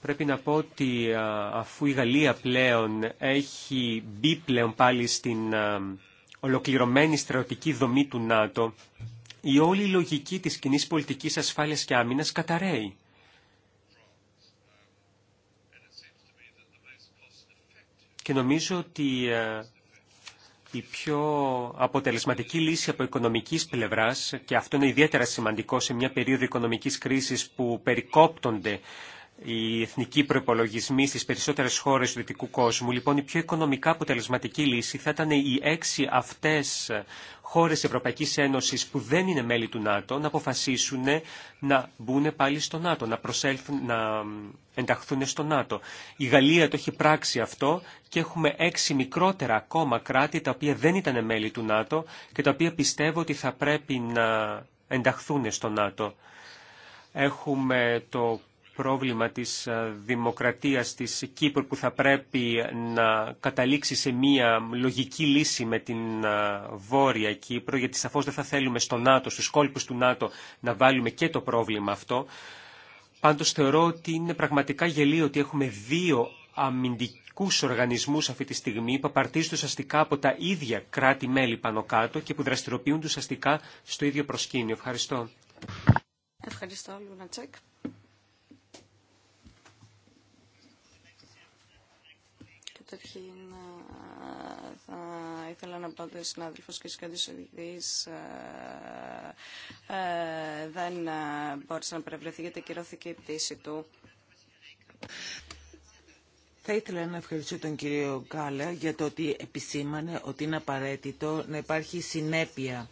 Πρέπει να πω ότι αφού η Γαλλία πλέον έχει μπει πλέον πάλι στην ολοκληρωμένη στρατιωτική δομή του ΝΑΤΟ, η όλη λογική της κοινής πολιτικής ασφάλειας και άμυνας καταραίει. Και νομίζω ότι η πιο αποτελεσματική λύση από οικονομικής πλευράς, και αυτό είναι ιδιαίτερα σημαντικό σε μια περίοδο οικονομικής κρίσης που περικόπτονται οι εθνικοί προπολογισμοί στι περισσότερε χώρε του δυτικού κόσμου. Λοιπόν, η πιο οικονομικά αποτελεσματική λύση θα ήταν οι έξι αυτέ χώρε Ευρωπαϊκή Ένωση που δεν είναι μέλη του ΝΑΤΟ να αποφασίσουν να μπουν πάλι στο ΝΑΤΟ, να, να ενταχθούν στο ΝΑΤΟ. Η Γαλλία το έχει πράξει αυτό και έχουμε έξι μικρότερα ακόμα κράτη τα οποία δεν ήταν μέλη του ΝΑΤΟ και τα οποία πιστεύω ότι θα πρέπει να ενταχθούν στο ΝΑΤΟ. Έχουμε το πρόβλημα της ε, δημοκρατίας της Κύπρου που θα πρέπει να καταλήξει σε μια λογική λύση με την ε, Βόρεια Κύπρο, γιατί σαφώς δεν θα θέλουμε στο ΝΑΤΟ, στους κόλπους του ΝΑΤΟ να βάλουμε και το πρόβλημα αυτό. Πάντως θεωρώ ότι είναι πραγματικά γελίο ότι έχουμε δύο αμυντικούς οργανισμούς αυτή τη στιγμή που απαρτίζονται ουσιαστικά από τα ίδια κράτη-μέλη πάνω κάτω και που δραστηριοποιούν ουσιαστικά στο ίδιο προσκήνιο. Ευχαριστώ. Ευχαριστώ, Λουνατσέκ. Καταρχήν ε, θα ήθελα να πω ότι ο συνάδελφος και ο ε, ε, δεν μπόρεσε να παρευρεθεί γιατί κυρώθηκε η πτήση του. Θα ήθελα να ευχαριστήσω τον κύριο Γκάλα για το ότι επισήμανε ότι είναι απαραίτητο να υπάρχει συνέπεια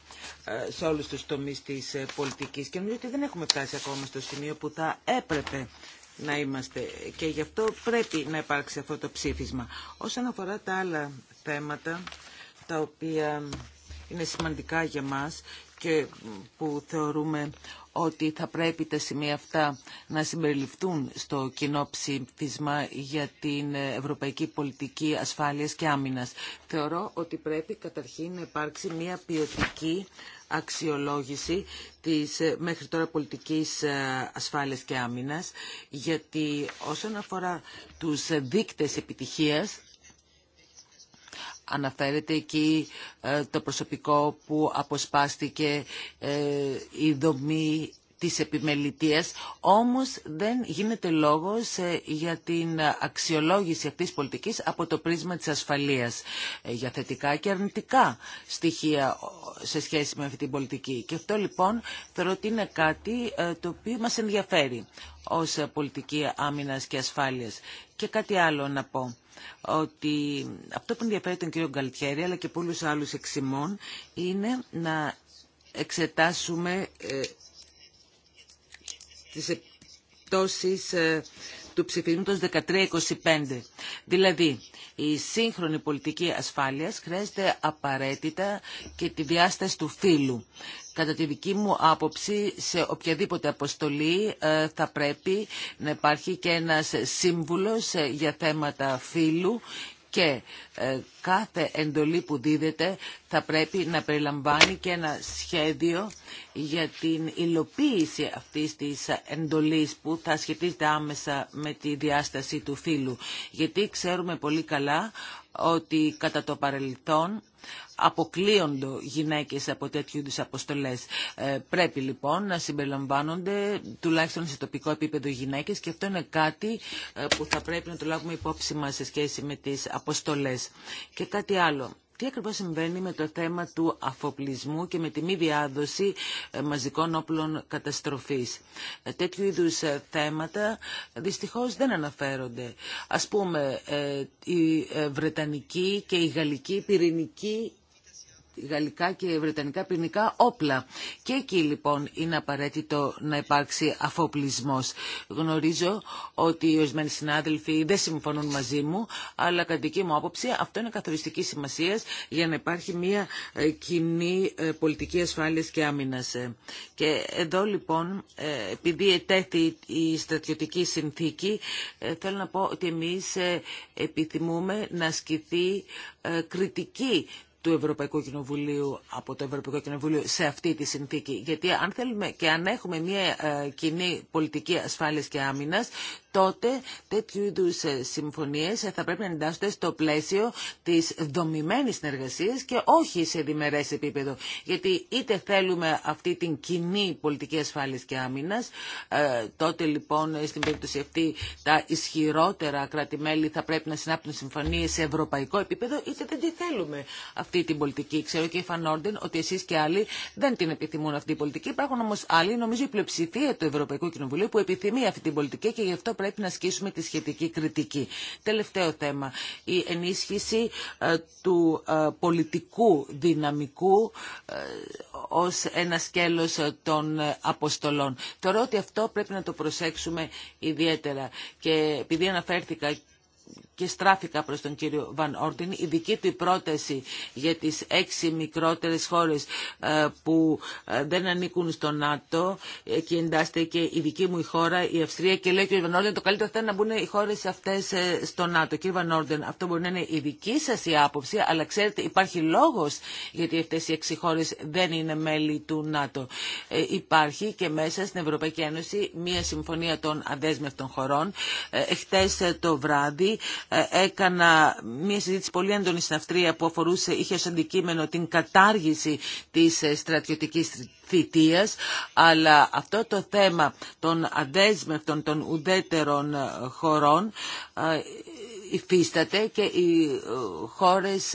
σε όλους τους τομείς της πολιτικής και νομίζω ότι δεν έχουμε φτάσει ακόμα στο σημείο που θα έπρεπε να είμαστε και γι' αυτό πρέπει να υπάρξει αυτό το ψήφισμα. Όσον αφορά τα άλλα θέματα τα οποία είναι σημαντικά για μας που θεωρούμε ότι θα πρέπει τα σημεία αυτά να συμπεριληφθούν στο κοινό ψήφισμα για την Ευρωπαϊκή Πολιτική Ασφάλειας και Άμυνας. Θεωρώ ότι πρέπει καταρχήν να υπάρξει μια ποιοτική αξιολόγηση της ε, μέχρι τώρα πολιτικής ε, ασφάλειας και άμυνας, γιατί όσον αφορά τους δείκτες επιτυχίας, αναφέρεται εκεί ε, το προσωπικό που αποσπάστηκε, ε, η δομή της επιμελητίας, όμως δεν γίνεται λόγος ε, για την αξιολόγηση αυτής της πολιτικής από το πρίσμα της ασφαλείας, ε, για θετικά και αρνητικά στοιχεία σε σχέση με αυτή την πολιτική. Και αυτό λοιπόν θεωρώ ότι είναι κάτι ε, το οποίο μας ενδιαφέρει ως πολιτική άμυνας και ασφάλειας. Και κάτι άλλο να πω, ότι αυτό που ενδιαφέρει τον κύριο Γκαλτιέρη αλλά και πολλούς άλλους εξημών είναι να εξετάσουμε τις επιπτώσεις ε, του ψηφίσματος 1325. Δηλαδή, η σύγχρονη πολιτική ασφάλειας χρειάζεται απαραίτητα και τη διάσταση του φύλου. Κατά τη δική μου άποψη, σε οποιαδήποτε αποστολή ε, θα πρέπει να υπάρχει και ένας σύμβουλος ε, για θέματα φύλου και ε, κάθε εντολή που δίδεται θα πρέπει να περιλαμβάνει και ένα σχέδιο για την υλοποίηση αυτής της εντολής που θα σχετίζεται άμεσα με τη διάσταση του φύλου. Γιατί ξέρουμε πολύ καλά ότι κατά το παρελθόν αποκλείονται γυναίκες από τέτοιου είδους αποστολές. Ε, πρέπει λοιπόν να συμπεριλαμβάνονται τουλάχιστον σε τοπικό επίπεδο γυναίκες και αυτό είναι κάτι ε, που θα πρέπει να το λάβουμε υπόψη μας σε σχέση με τις αποστολές. Και κάτι άλλο τι ακριβώς συμβαίνει με το θέμα του αφοπλισμού και με τη μη διάδοση ε, μαζικών όπλων καταστροφής. Ε, τέτοιου είδους ε, θέματα δυστυχώς δεν αναφέρονται. Ας πούμε, η Βρετανική και η Γαλλική πυρηνική γαλλικά και βρετανικά πυρηνικά όπλα. Και εκεί λοιπόν είναι απαραίτητο να υπάρξει αφοπλισμός. Γνωρίζω ότι οι ορισμένοι συνάδελφοι δεν συμφωνούν μαζί μου, αλλά κατά δική μου άποψη αυτό είναι καθοριστική σημασία για να υπάρχει μια ε, κοινή ε, πολιτική ασφάλειας και άμυνας. Ε, και εδώ λοιπόν, επειδή ετέθη η στρατιωτική συνθήκη, θέλω να πω ότι εμείς επιθυμούμε να ασκηθεί κριτική του Ευρωπαϊκού Κοινοβουλίου από το Ευρωπαϊκό Κοινοβούλιο σε αυτή τη συνθήκη. Γιατί αν θέλουμε και αν έχουμε μια ε, κοινή πολιτική ασφάλειας και άμυνας, τότε τέτοιου είδου ε, συμφωνίε ε, θα πρέπει να εντάσσονται στο πλαίσιο τη δομημένη συνεργασίας και όχι σε διμερές επίπεδο. Γιατί είτε θέλουμε αυτή την κοινή πολιτική ασφάλεια και άμυνας, ε, τότε λοιπόν στην περίπτωση αυτή τα ισχυρότερα κράτη-μέλη θα πρέπει να συνάπτουν συμφωνίε σε ευρωπαϊκό επίπεδο, είτε δεν τη θέλουμε αυτή την πολιτική. Ξέρω και η Φανόρντεν ότι εσεί και άλλοι δεν την επιθυμούν αυτή η πολιτική. Υπάρχουν όμω άλλοι, νομίζω η πλειοψηφία του Ευρωπαϊκού Κοινοβουλίου που επιθυμεί αυτή την πολιτική και γι' αυτό πρέπει να ασκήσουμε τη σχετική κριτική. Τελευταίο θέμα, η ενίσχυση ε, του ε, πολιτικού δυναμικού ε, ως ένα σκέλος των αποστολών. Θεωρώ ότι αυτό πρέπει να το προσέξουμε ιδιαίτερα και επειδή αναφέρθηκα και στράφηκα προς τον κύριο Βαν Όρτιν. Η δική του πρόταση για τις έξι μικρότερες χώρες ε, που ε, δεν ανήκουν στο ΝΑΤΟ ε, και εντάσσεται και η δική μου η χώρα, η Αυστρία και λέει ο κύριο Βαν Όρτιν το καλύτερο θα είναι να μπουν οι χώρες αυτές στο ΝΑΤΟ. Κύριε Βαν Όρτιν, αυτό μπορεί να είναι η δική σας η άποψη, αλλά ξέρετε υπάρχει λόγος γιατί αυτές οι έξι χώρες δεν είναι μέλη του ΝΑΤΟ. Υπάρχει και μέσα στην Ευρωπαϊκή Ένωση μια συμφωνία των αδέσμευτων χωρών. ε, το βράδυ ε, έκανα μια συζήτηση πολύ έντονη στην Αυστρία που αφορούσε, είχε ως αντικείμενο την κατάργηση της ε, στρατιωτικής θητείας, αλλά αυτό το θέμα των αδέσμευτων, των ουδέτερων ε, χωρών υφίσταται και οι χώρες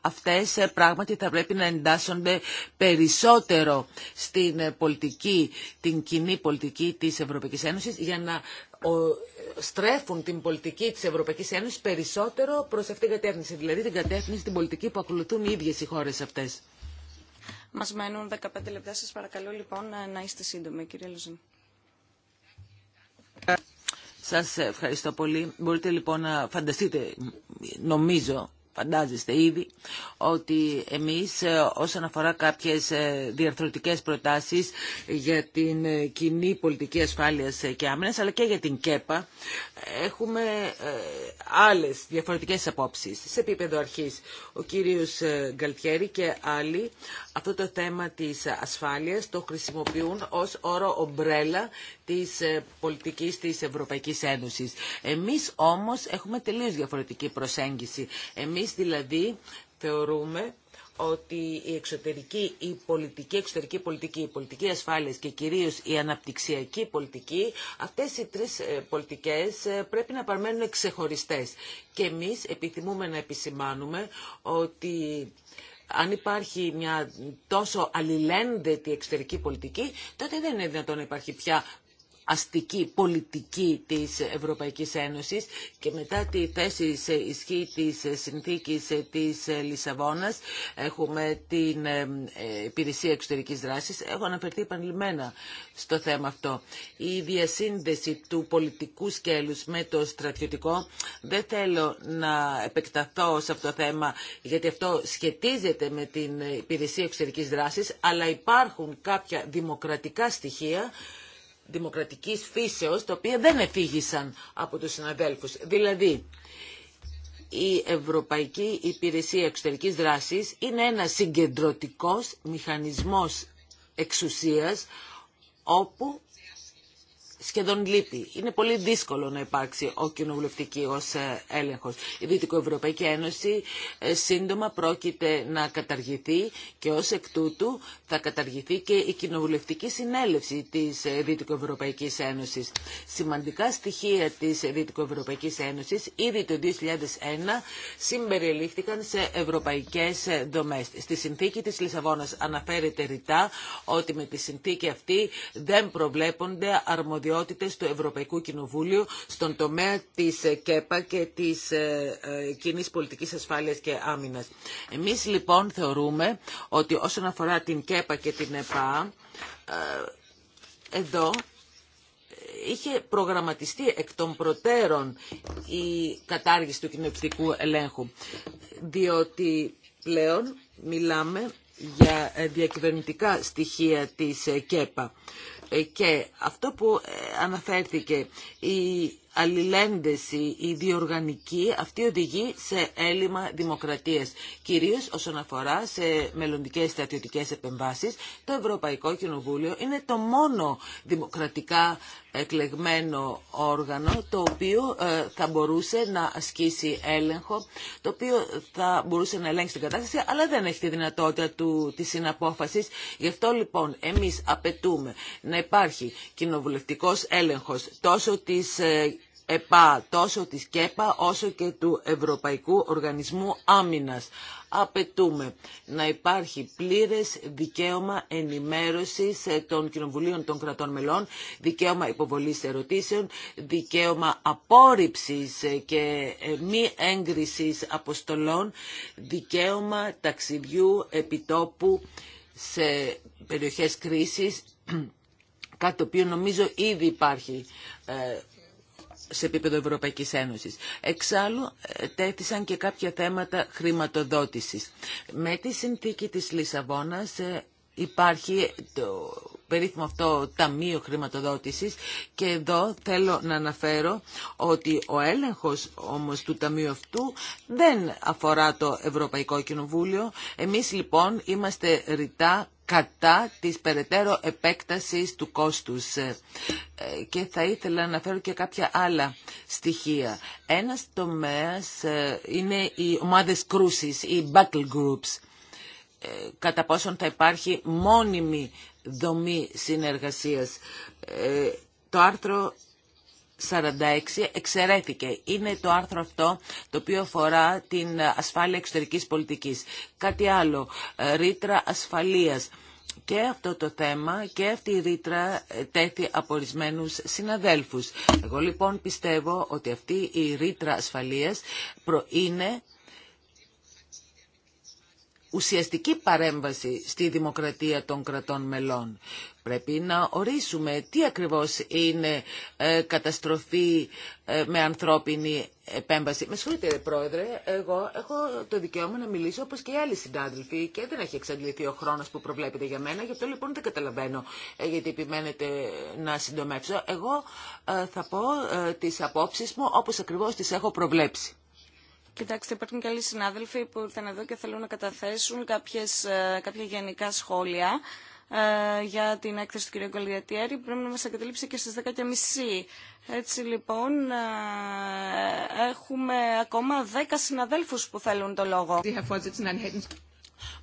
αυτές πράγματι θα πρέπει να εντάσσονται περισσότερο στην πολιτική, την κοινή πολιτική της Ευρωπαϊκής Ένωσης για να στρέφουν την πολιτική τη Ευρωπαϊκή Ένωση περισσότερο προ αυτήν την κατεύθυνση, δηλαδή την κατεύθυνση, την πολιτική που ακολουθούν οι ίδιες οι χώρε αυτέ. Μα μένουν 15 λεπτά. σα παρακαλώ λοιπόν να είστε σύντομοι, κύριε Λουζίν. Σας ευχαριστώ πολύ. Μπορείτε λοιπόν να φανταστείτε, νομίζω, Φαντάζεστε ήδη ότι εμείς ε, όσον αφορά κάποιες ε, διαρθρωτικές προτάσεις για την ε, κοινή πολιτική ασφάλειας και άμυνας αλλά και για την ΚΕΠΑ έχουμε άλλες διαφορετικές απόψεις σε επίπεδο αρχής. Ο κύριος Γκαλτιέρη και άλλοι αυτό το θέμα της ασφάλειας το χρησιμοποιούν ως όρο ομπρέλα της ε, πολιτικής της Ευρωπαϊκής Ένωσης. Εμείς όμως έχουμε τελείως διαφορετική προσέγγιση. Εμείς δηλαδή θεωρούμε ότι η εξωτερική, η πολιτική, η εξωτερική πολιτική, η πολιτική ασφάλειας και κυρίως η αναπτυξιακή πολιτική, αυτές οι τρεις ε, πολιτικές ε, πρέπει να παραμένουν ξεχωριστές. Και εμείς επιθυμούμε να επισημάνουμε ότι αν υπάρχει μια τόσο αλληλένδετη εξωτερική πολιτική, τότε δεν είναι δυνατόν να υπάρχει πια αστική πολιτική της Ευρωπαϊκής Ένωσης και μετά τη θέση σε ισχύ της συνθήκης της Λισαβόνας έχουμε την ε, υπηρεσία εξωτερικής δράσης. Έχω αναφερθεί επανειλημμένα στο θέμα αυτό. Η διασύνδεση του πολιτικού σκέλους με το στρατιωτικό δεν θέλω να επεκταθώ σε αυτό το θέμα γιατί αυτό σχετίζεται με την υπηρεσία εξωτερικής δράσης αλλά υπάρχουν κάποια δημοκρατικά στοιχεία δημοκρατικής φύσεως, τα οποία δεν εφήγησαν από τους συναδέλφους. Δηλαδή, η Ευρωπαϊκή Υπηρεσία Εξωτερικής Δράσης είναι ένα συγκεντρωτικός μηχανισμός εξουσίας, όπου σχεδόν λείπει. Είναι πολύ δύσκολο να υπάρξει ο ω ε, έλεγχο. Η Δυτικοευρωπαϊκή Ένωση ε, σύντομα πρόκειται να καταργηθεί και ω εκ τούτου θα καταργηθεί και η κοινοβουλευτική συνέλευση τη ε, Δυτικοευρωπαϊκή Ένωση. Σημαντικά στοιχεία τη Δυτικοευρωπαϊκή Ένωση ήδη το 2001 συμπεριλήφθηκαν σε ευρωπαϊκέ δομέ. Στη συνθήκη τη Λισαβόνα αναφέρεται ρητά ότι με τη συνθήκη αυτή δεν προβλέπονται αρμοδιότητε αρμοδιότητες του Ευρωπαϊκού Κοινοβούλιου στον τομέα της ε, ΚΕΠΑ και της ε, ε, κοινή πολιτικής ασφάλειας και άμυνας. Εμείς λοιπόν θεωρούμε ότι όσον αφορά την ΚΕΠΑ και την ΕΠΑ, εδώ είχε προγραμματιστεί εκ των προτέρων η κατάργηση του κοινοπτικού ελέγχου, διότι πλέον μιλάμε για διακυβερνητικά στοιχεία της ΚΕΠΑ. Ε, και αυτό που ε, αναφέρθηκε η αλληλένδεση, η διοργανική, αυτή οδηγεί σε έλλειμμα δημοκρατίας. Κυρίως όσον αφορά σε μελλοντικές στρατιωτικές επεμβάσεις, το Ευρωπαϊκό Κοινοβούλιο είναι το μόνο δημοκρατικά εκλεγμένο όργανο το οποίο ε, θα μπορούσε να ασκήσει έλεγχο, το οποίο θα μπορούσε να ελέγξει την κατάσταση, αλλά δεν έχει τη δυνατότητα του, της συναπόφασης. Γι' αυτό λοιπόν εμείς απαιτούμε να υπάρχει κοινοβουλευτικός έλεγχος τόσο της ε, ΕΠΑ, τόσο της ΚΕΠΑ όσο και του Ευρωπαϊκού Οργανισμού Άμυνας. Απαιτούμε να υπάρχει πλήρες δικαίωμα ενημέρωσης ε, των κοινοβουλίων των κρατών μελών, δικαίωμα υποβολής ερωτήσεων, δικαίωμα απόρριψης ε, και ε, μη έγκρισης αποστολών, δικαίωμα ταξιδιού επιτόπου σε περιοχές κρίσης, κάτι το οποίο νομίζω ήδη υπάρχει σε επίπεδο Ευρωπαϊκής Ένωσης. Εξάλλου, ε, τέθησαν και κάποια θέματα χρηματοδότησης. Με τη συνθήκη της Λισαβόνας ε, υπάρχει το περίφημο αυτό Ταμείο Χρηματοδότησης και εδώ θέλω να αναφέρω ότι ο έλεγχος όμως του Ταμείου αυτού δεν αφορά το Ευρωπαϊκό Κοινοβούλιο. Εμείς λοιπόν είμαστε ρητά κατά της περαιτέρω επέκτασης του κόστους. Ε, και θα ήθελα να φέρω και κάποια άλλα στοιχεία. Ένας τομέας ε, είναι οι ομάδες κρούσης, οι battle groups, ε, κατά πόσον θα υπάρχει μόνιμη δομή συνεργασίας. Το άρθρο 46 εξαιρέθηκε. Είναι το άρθρο αυτό το οποίο αφορά την ασφάλεια εξωτερικής πολιτικής. Κάτι άλλο, ε, ρήτρα ασφαλείας. Και αυτό το θέμα και αυτή η ρήτρα ε, τέθη από ορισμένου συναδέλφους. Εγώ λοιπόν πιστεύω ότι αυτή η ρήτρα ασφαλείας είναι ουσιαστική παρέμβαση στη δημοκρατία των κρατών μελών. Πρέπει να ορίσουμε τι ακριβώς είναι ε, καταστροφή ε, με ανθρώπινη επέμβαση. Με συγχωρείτε πρόεδρε, εγώ έχω το δικαίωμα να μιλήσω όπως και οι άλλοι συντάδελφοι και δεν έχει εξαντληθεί ο χρόνος που προβλέπετε για μένα, γι' αυτό λοιπόν δεν καταλαβαίνω ε, γιατί επιμένετε να συντομεύσω. Εγώ θα πω τις απόψεις μου όπως ακριβώς τις έχω προβλέψει. Κοιτάξτε, υπάρχουν και άλλοι συνάδελφοι που ήρθαν εδώ και θέλουν να καταθέσουν κάποιες, ε, κάποια γενικά σχόλια ε, για την έκθεση του κ. Γκολιατιέρη πρέπει να μας εγκαταλείψει και στις 10.30. Έτσι λοιπόν ε, έχουμε ακόμα 10 συναδέλφους που θέλουν το λόγο.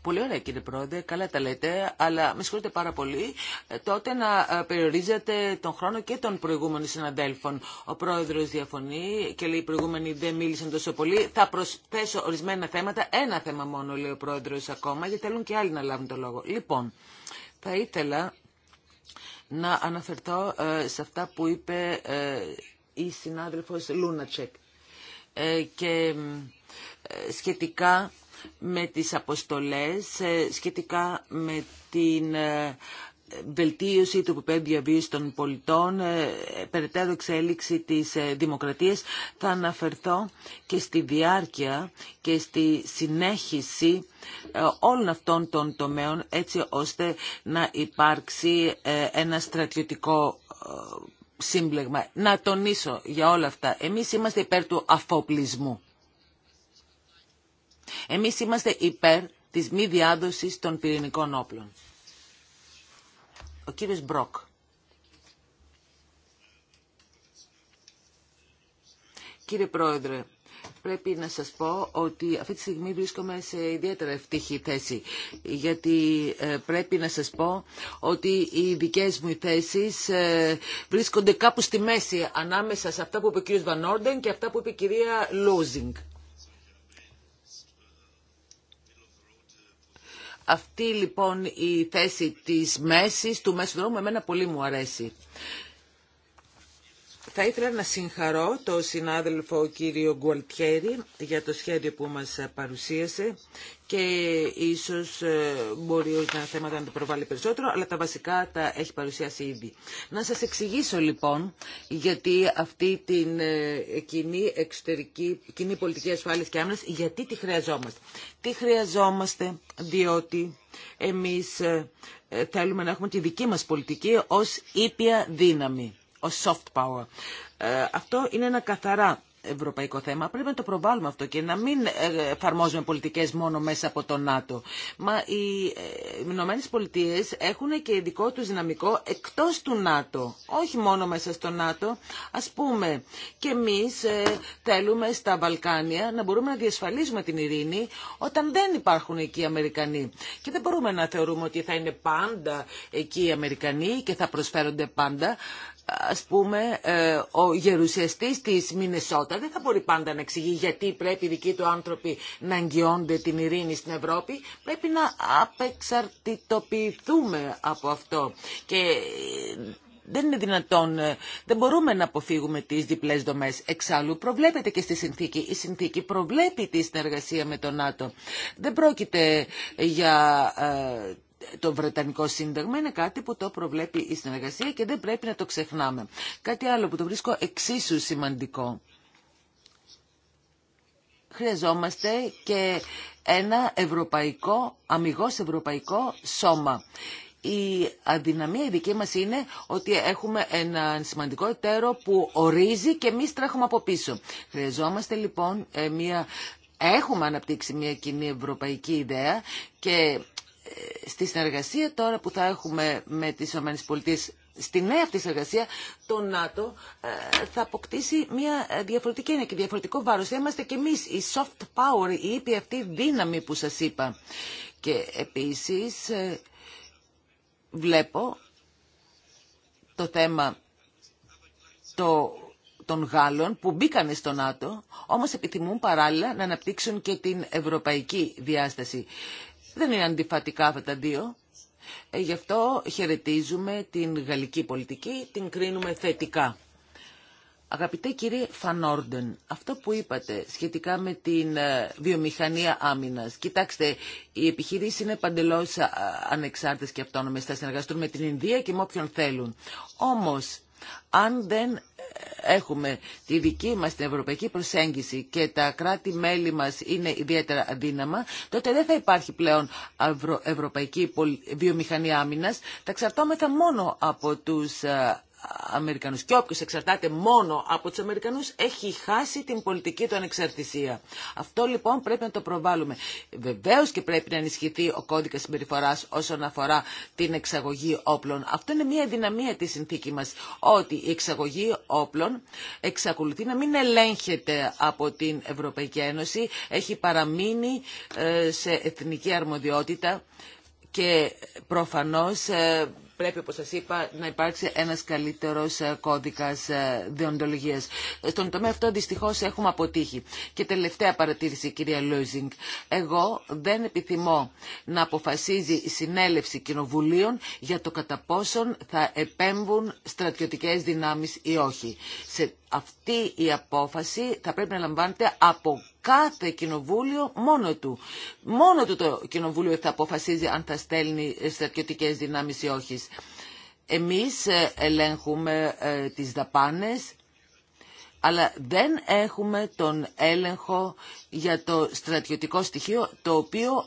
Πολύ ωραία κύριε Πρόεδρε, καλά τα λέτε, αλλά με συγχωρείτε πάρα πολύ, ε, τότε να ε, περιορίζετε τον χρόνο και των προηγούμενων συναντέλφων. Ο Πρόεδρος διαφωνεί και λέει οι προηγούμενοι δεν μίλησαν τόσο πολύ. Θα προσθέσω ορισμένα θέματα, ένα θέμα μόνο λέει ο Πρόεδρος ακόμα, γιατί θέλουν και άλλοι να λάβουν το λόγο. Λοιπόν, θα ήθελα να αναφερθώ ε, σε αυτά που είπε η συνάδελφος Λούνατσεκ και σχετικά με τις αποστολές ε, σχετικά με την ε, βελτίωση του επίπεδου διαβίωση των πολιτών, ε, περαιτέρω εξέλιξη της δημοκρατίας. Θα αναφερθώ και στη διάρκεια και στη συνέχιση όλων αυτών των τομέων έτσι ώστε να υπάρξει ένα στρατιωτικό σύμπλεγμα. Να τονίσω για όλα αυτά. Εμείς είμαστε υπέρ του αφοπλισμού. Εμείς είμαστε υπέρ της μη διάδοσης των πυρηνικών όπλων. Ο κύριος Μπροκ. Κύριε Πρόεδρε, πρέπει να σας πω ότι αυτή τη στιγμή βρίσκομαι σε ιδιαίτερα ευτυχή θέση γιατί ε, πρέπει να σας πω ότι οι δικές μου θέσεις ε, βρίσκονται κάπου στη μέση ανάμεσα σε αυτά που είπε ο κύριος Βανόρντεν και αυτά που είπε η κυρία Λόζινγκ. Αυτή λοιπόν η θέση της μέσης, του μέσου δρόμου, εμένα πολύ μου αρέσει. Θα ήθελα να συγχαρώ τον συνάδελφο κύριο Γκουαλτιέρη για το σχέδιο που μας παρουσίασε και ίσως ε, μπορεί ένα θέματα να το προβάλλει περισσότερο, αλλά τα βασικά τα έχει παρουσιάσει ήδη. Να σας εξηγήσω λοιπόν γιατί αυτή την ε, κοινή εξωτερική, κοινή πολιτική ασφάλειας και άμυνας, γιατί τη χρειαζόμαστε. Τι χρειαζόμαστε διότι εμείς ε, θέλουμε να έχουμε τη δική μας πολιτική ως ήπια δύναμη ο soft power. Ε, αυτό είναι ένα καθαρά ευρωπαϊκό θέμα. Πρέπει να το προβάλλουμε αυτό και να μην ε, εφαρμόζουμε πολιτικέ μόνο μέσα από το ΝΑΤΟ. Μα οι ε, Ηνωμένε Πολιτείε έχουν και δικό του δυναμικό εκτός του ΝΑΤΟ. Όχι μόνο μέσα στο ΝΑΤΟ. Α πούμε, και εμεί θέλουμε στα Βαλκάνια να μπορούμε να διασφαλίζουμε την ειρήνη όταν δεν υπάρχουν εκεί οι Αμερικανοί. Και δεν μπορούμε να θεωρούμε ότι θα είναι πάντα εκεί οι Αμερικανοί και θα προσφέρονται πάντα ας πούμε, ε, ο γερουσιαστής της Μινεσότα δεν θα μπορεί πάντα να εξηγεί γιατί πρέπει οι δικοί του άνθρωποι να αγγιώνται την ειρήνη στην Ευρώπη. Πρέπει να απεξαρτητοποιηθούμε από αυτό. Και ε, δεν είναι δυνατόν, ε, δεν μπορούμε να αποφύγουμε τις διπλές δομές. Εξάλλου προβλέπεται και στη συνθήκη. Η συνθήκη προβλέπει τη συνεργασία με τον ΝΑΤΟ. Δεν πρόκειται για το Βρετανικό Σύνταγμα είναι κάτι που το προβλέπει η συνεργασία και δεν πρέπει να το ξεχνάμε. Κάτι άλλο που το βρίσκω εξίσου σημαντικό. Χρειαζόμαστε και ένα ευρωπαϊκό, αμυγός ευρωπαϊκό σώμα. Η αδυναμία η δική μας είναι ότι έχουμε ένα σημαντικό εταίρο που ορίζει και εμεί τρέχουμε από πίσω. Χρειαζόμαστε λοιπόν ε, μια... Έχουμε αναπτύξει μια κοινή ευρωπαϊκή ιδέα και στη συνεργασία τώρα που θα έχουμε με τις ΗΠΑ στη νέα αυτή συνεργασία το ΝΑΤΟ ε, θα αποκτήσει μια διαφορετική έννοια και διαφορετικό βάρος. Είμαστε και εμείς η soft power, η ήπια αυτή δύναμη που σας είπα. Και επίσης ε, βλέπω το θέμα το των Γάλλων που μπήκανε στο ΝΑΤΟ, όμως επιθυμούν παράλληλα να αναπτύξουν και την ευρωπαϊκή διάσταση δεν είναι αντιφατικά αυτά τα δύο. Ε, γι' αυτό χαιρετίζουμε την γαλλική πολιτική, την κρίνουμε θετικά. Αγαπητέ κύριε Φανόρντεν, αυτό που είπατε σχετικά με την ε, βιομηχανία άμυνας. Κοιτάξτε, οι επιχειρήσει είναι παντελώς ανεξάρτητες και αυτόνομες. Θα συνεργαστούν με την Ινδία και με όποιον θέλουν. Όμως, αν δεν ε, έχουμε τη δική μας την ευρωπαϊκή προσέγγιση και τα κράτη-μέλη μας είναι ιδιαίτερα αδύναμα, τότε δεν θα υπάρχει πλέον ευρωπαϊκή βιομηχανία άμυνας. Τα εξαρτώμεθα μόνο από τους ε, Αμερικανούς και όποιος εξαρτάται μόνο από τους Αμερικανούς έχει χάσει την πολιτική του ανεξαρτησία. Αυτό λοιπόν πρέπει να το προβάλλουμε. Βεβαίως και πρέπει να ενισχυθεί ο κώδικας συμπεριφορά όσον αφορά την εξαγωγή όπλων. Αυτό είναι μια δυναμία της συνθήκη μας, ότι η εξαγωγή όπλων εξακολουθεί να μην ελέγχεται από την Ευρωπαϊκή Ένωση, έχει παραμείνει ε, σε εθνική αρμοδιότητα και προφανώς ε, πρέπει όπως σας είπα να υπάρξει ένας καλύτερος ε, κώδικας ε, διοντολογίας. Στον τομέα αυτό δυστυχώς έχουμε αποτύχει. Και τελευταία παρατήρηση κυρία Λούζινγκ. Εγώ δεν επιθυμώ να αποφασίζει η συνέλευση κοινοβουλίων για το κατά πόσον θα επέμβουν στρατιωτικές δυνάμεις ή όχι. Σε αυτή η απόφαση θα πρέπει να λαμβάνεται από κάθε κοινοβούλιο μόνο του. Μόνο του το κοινοβούλιο θα αποφασίζει αν θα στέλνει στρατιωτικές δυνάμεις ή όχι. Εμείς ε, ελέγχουμε ε, τις δαπάνες, αλλά δεν έχουμε τον έλεγχο για το στρατιωτικό στοιχείο, το οποίο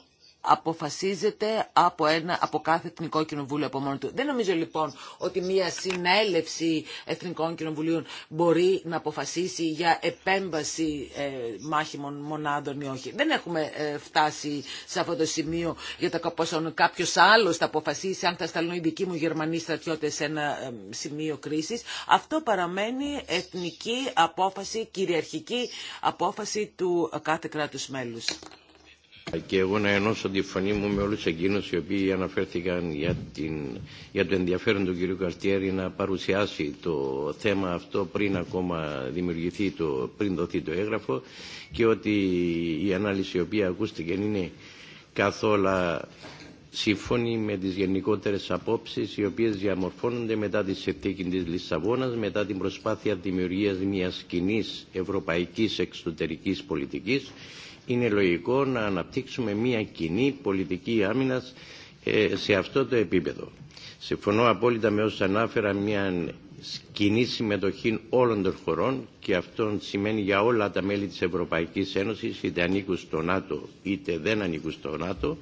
αποφασίζεται από, ένα, από κάθε Εθνικό Κοινοβούλιο από μόνο του. Δεν νομίζω λοιπόν ότι μια συνέλευση Εθνικών Κοινοβουλίων μπορεί να αποφασίσει για επέμβαση ε, μάχημων μονάδων ή όχι. Δεν έχουμε ε, φτάσει σε αυτό το σημείο για το πώς κάποιο άλλο θα αποφασίσει αν θα σταλούν οι δικοί μου Γερμανοί στρατιώτε σε ένα ε, σημείο κρίση. Αυτό παραμένει εθνική απόφαση, κυριαρχική απόφαση του ε, κάθε κράτους μέλους. Και εγώ να ενώσω τη φωνή μου με όλους εκείνους οι οποίοι αναφέρθηκαν για, την, για το ενδιαφέρον του κ. Καρτιέρη να παρουσιάσει το θέμα αυτό πριν ακόμα δημιουργηθεί, το, πριν δοθεί το έγγραφο και ότι η ανάλυση η οποία ακούστηκε είναι καθόλου σύμφωνη με τις γενικότερες απόψεις οι οποίες διαμορφώνονται μετά τη συνθήκη της Λισαβόνας, μετά την προσπάθεια δημιουργίας μιας κοινή ευρωπαϊκής εξωτερικής πολιτικής είναι λογικό να αναπτύξουμε μια κοινή πολιτική άμυνας ε, σε αυτό το επίπεδο. Συμφωνώ απόλυτα με όσους ανάφερα μια κοινή συμμετοχή όλων των χωρών και αυτό σημαίνει για όλα τα μέλη της Ευρωπαϊκής Ένωσης είτε ανήκουν στο ΝΑΤΟ είτε δεν ανήκουν στο ΝΑΤΟ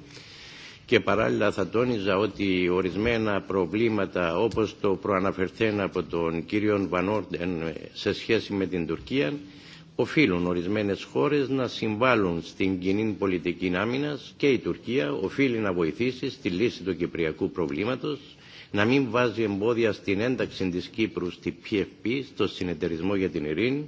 και παράλληλα θα τόνιζα ότι ορισμένα προβλήματα όπως το προαναφερθέν από τον κύριο Βανόρντεν ε, σε σχέση με την Τουρκία οφείλουν ορισμένες χώρες να συμβάλλουν στην κοινή πολιτική άμυνα και η Τουρκία οφείλει να βοηθήσει στη λύση του κυπριακού προβλήματος, να μην βάζει εμπόδια στην ένταξη της Κύπρου στη PFP, στο Συνεταιρισμό για την Ειρήνη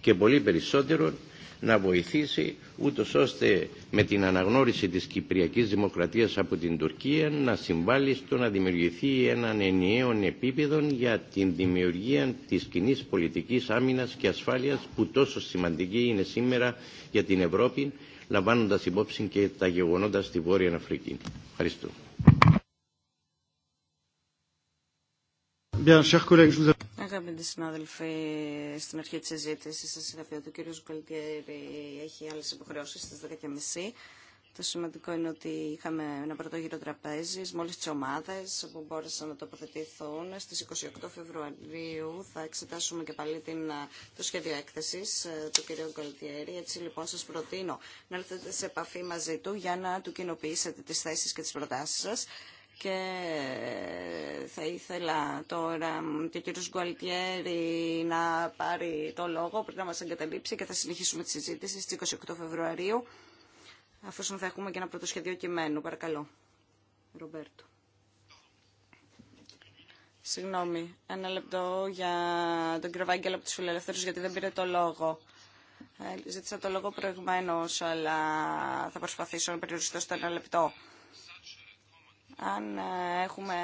και πολύ περισσότερο να βοηθήσει ούτω ώστε με την αναγνώριση της Κυπριακής Δημοκρατίας από την Τουρκία να συμβάλλει στο να δημιουργηθεί έναν ενιαίο επίπεδο για την δημιουργία της κοινή πολιτικής άμυνας και ασφάλειας που τόσο σημαντική είναι σήμερα για την Ευρώπη λαμβάνοντας υπόψη και τα γεγονότα στη Βόρεια Αφρική. Ευχαριστώ. Αγαπητοί συνάδελφοι, στην αρχή τη συζήτηση, σα είχα πει ότι ο κύριος Γκολτιέρη έχει άλλε υποχρεώσει στι 10.30. Το σημαντικό είναι ότι είχαμε ένα πρώτο γύρο τραπέζι, όλε τι ομάδε που μπόρεσαν να τοποθετηθούν. Στι 28 Φεβρουαρίου θα εξετάσουμε και πάλι την, το σχέδιο έκθεση του κ. Γκολτιέρη. Έτσι λοιπόν σα προτείνω να έρθετε σε επαφή μαζί του για να του κοινοποιήσετε τι θέσει και τι προτάσει σα και θα ήθελα τώρα και ο κύριος Γκουαλτιέρη να πάρει το λόγο πριν να μας εγκαταλείψει και θα συνεχίσουμε τη συζήτηση στις 28 Φεβρουαρίου αφού θα έχουμε και ένα πρώτο σχεδίο κειμένου. Παρακαλώ. Ρομπέρτο. Συγγνώμη, ένα λεπτό για τον κύριο Βάγκελο από τους φιλελεύθερου γιατί δεν πήρε το λόγο. Ε, ζήτησα το λόγο προηγουμένως, αλλά θα προσπαθήσω να περιοριστώ στο ένα λεπτό αν ε, έχουμε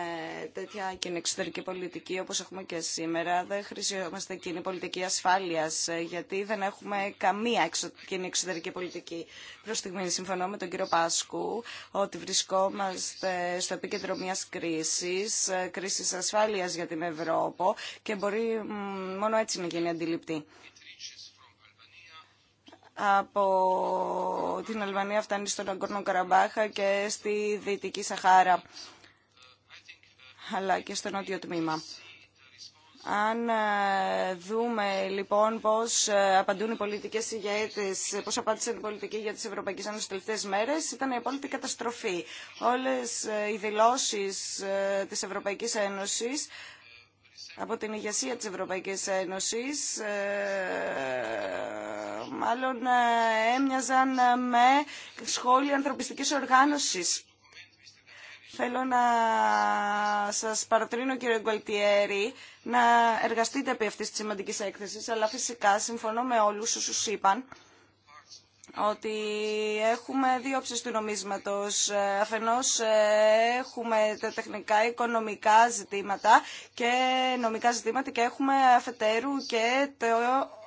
τέτοια κοινή εξωτερική πολιτική όπως έχουμε και σήμερα, δεν χρησιμοποιούμαστε κοινή πολιτική ασφάλειας, ε, γιατί δεν έχουμε καμία κοινή εξωτερική πολιτική. Προς στιγμή συμφωνώ με τον κύριο Πάσκου ότι βρισκόμαστε στο επίκεντρο μιας κρίσης, ε, κρίσης ασφάλειας για την Ευρώπη και μπορεί μόνο έτσι να γίνει αντιληπτή από την Αλβανία φτάνει στον Αγκόρνο Καραμπάχα και στη Δυτική Σαχάρα αλλά και στο νότιο τμήμα. Αν ε, δούμε λοιπόν πώς ε, απαντούν οι πολιτικές ηγέτες, πώς απάντησαν οι πολιτικοί για τις Ευρωπαϊκές Ένωσες τελευταίες μέρες, ήταν η απόλυτη καταστροφή. Όλες ε, οι δηλώσεις της Ευρωπαϊκής Ένωσης από την ηγεσία της Ευρωπαϊκής Ένωσης ε, μάλλον ε, έμοιαζαν με σχόλια ανθρωπιστικής οργάνωσης. Θέλω να σας παρατρύνω κύριε Γκολτιέρη να εργαστείτε επί αυτής της σημαντικής έκθεσης αλλά φυσικά συμφωνώ με όλους όσους είπαν ότι έχουμε δύο όψεις του νομίσματος. Ε, αφενός ε, έχουμε τα τεχνικά, οικονομικά ζητήματα και νομικά ζητήματα και έχουμε αφετέρου και το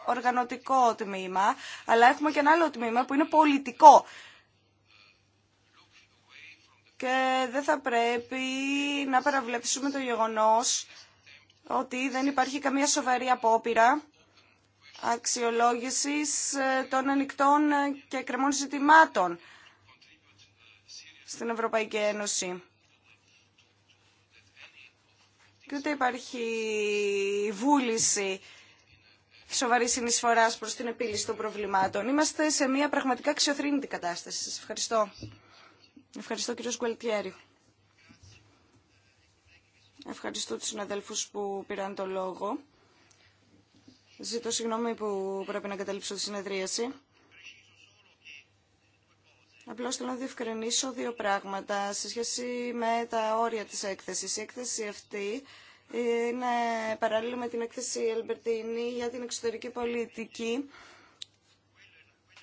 οργανωτικό τμήμα, αλλά έχουμε και ένα άλλο τμήμα που είναι πολιτικό. Και δεν θα πρέπει να παραβλέψουμε το γεγονός ότι δεν υπάρχει καμία σοβαρή απόπειρα αξιολόγησης ε, των ανοιχτών ε, και κρεμών ζητημάτων στην Ευρωπαϊκή Ένωση. Και ούτε υπάρχει βούληση σοβαρή συνεισφορά προ την επίλυση των προβλημάτων. Είμαστε σε μια πραγματικά αξιοθρύνητη κατάσταση. Σα ευχαριστώ. Ευχαριστώ κύριο Γκουαλτιέρη. Ευχαριστώ τους συναδέλφους που πήραν το λόγο. Ζητώ συγγνώμη που πρέπει να καταλήψω τη συνεδρίαση. Απλώ θέλω να διευκρινίσω δύο πράγματα σε σχέση με τα όρια τη έκθεση. Η έκθεση αυτή είναι παράλληλη με την έκθεση Ελμπερτίνη για την εξωτερική πολιτική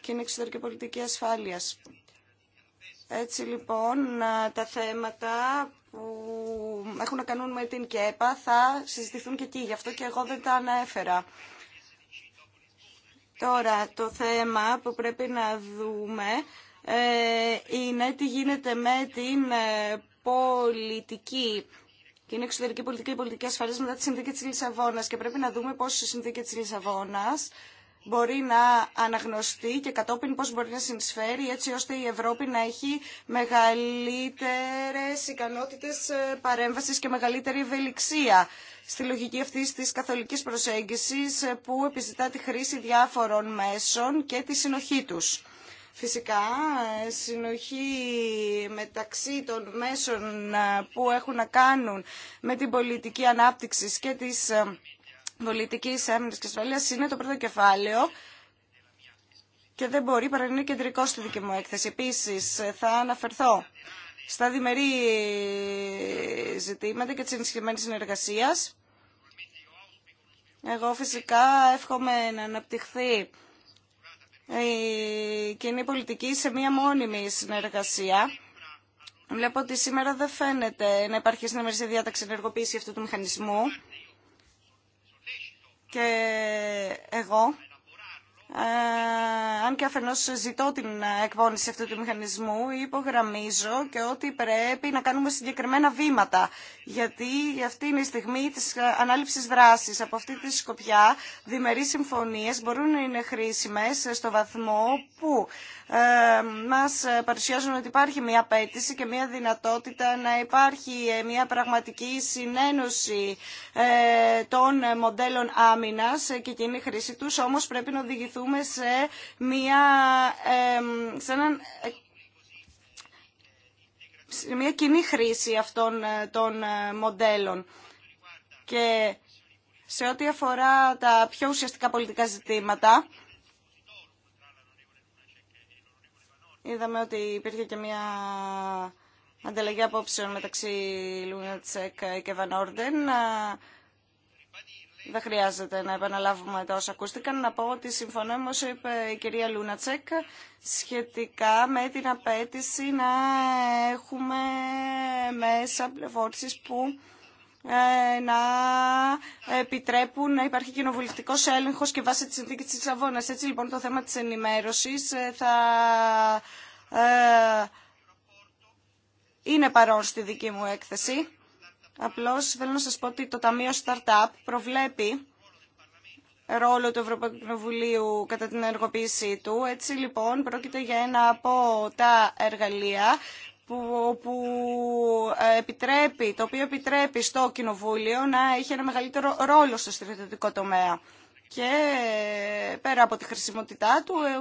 και την εξωτερική πολιτική ασφάλεια. Έτσι λοιπόν τα θέματα που έχουν να κάνουν με την ΚΕΠΑ θα συζητηθούν και εκεί. Γι' αυτό και εγώ δεν τα ανέφερα. Τώρα το θέμα που πρέπει να δούμε ε, είναι τι γίνεται με την ε, πολιτική και είναι εξωτερική πολιτική και πολιτική ασφαλής μετά τη συνθήκη της Λισαβόνας και πρέπει να δούμε πώς η συνθήκη της Λισαβόνας μπορεί να αναγνωστεί και κατόπιν πώς μπορεί να συνεισφέρει έτσι ώστε η Ευρώπη να έχει μεγαλύτερες ικανότητες ε, παρέμβασης και μεγαλύτερη ευελιξία στη λογική αυτή της καθολικής προσέγγισης ε, που επιζητά τη χρήση διάφορων μέσων και τη συνοχή τους. Φυσικά, ε, συνοχή μεταξύ των μέσων που έχουν να κάνουν με την πολιτική ανάπτυξη και τις πολιτική άμυνα και ασφαλεία είναι το πρώτο κεφάλαιο και δεν μπορεί παρά να είναι κεντρικό στη δική μου έκθεση. Επίση, θα αναφερθώ στα διμερεί ζητήματα και τη ενισχυμένη συνεργασία. Εγώ φυσικά εύχομαι να αναπτυχθεί η κοινή πολιτική σε μία μόνιμη συνεργασία. Βλέπω ότι σήμερα δεν φαίνεται να υπάρχει στην διάταξη ενεργοποίηση αυτού του μηχανισμού. Και εγώ, ε, αν και αφενός ζητώ την εκπόνηση αυτού του μηχανισμού, υπογραμμίζω και ότι πρέπει να κάνουμε συγκεκριμένα βήματα. Γιατί αυτή είναι η στιγμή της ανάληψης δράσης. Από αυτή τη σκοπιά διμερείς συμφωνίες μπορούν να είναι χρήσιμες στο βαθμό που ε, μας ε, παρουσιάζουν ότι υπάρχει μια απέτηση και μια δυνατότητα να υπάρχει ε, μια πραγματική συνένωση των μοντέλων άμυνας και κοινή χρήση τους, όμως πρέπει να οδηγηθούμε σε, μια, σε έναν σε μια κοινή χρήση αυτών των μοντέλων. Και σε ό,τι αφορά τα πιο ουσιαστικά πολιτικά ζητήματα, Είδαμε ότι υπήρχε και μια ανταλλαγή απόψεων μεταξύ Λούνατσεκ και Βαν Δεν χρειάζεται να επαναλάβουμε τα όσα ακούστηκαν. Να πω ότι συμφωνώ με όσο είπε η κυρία Λούνατσεκ σχετικά με την απέτηση να έχουμε μέσα πληροφόρηση που ε, να επιτρέπουν να υπάρχει κοινοβουλευτικό έλεγχο και βάσει τη συνθήκη τη Λισαβόνα. Έτσι λοιπόν το θέμα τη ενημέρωση ε, θα ε, είναι παρόν στη δική μου έκθεση. Απλώ θέλω να σα πω ότι το Ταμείο Startup προβλέπει ρόλο του Ευρωπαϊκού Κοινοβουλίου κατά την ενεργοποίησή του. Έτσι λοιπόν πρόκειται για ένα από τα εργαλεία που, ε, επιτρέπει, το οποίο επιτρέπει στο Κοινοβούλιο να έχει ένα μεγαλύτερο ρόλο στο στρατιωτικό τομέα. Και ε, πέρα από τη χρησιμότητά του, ε,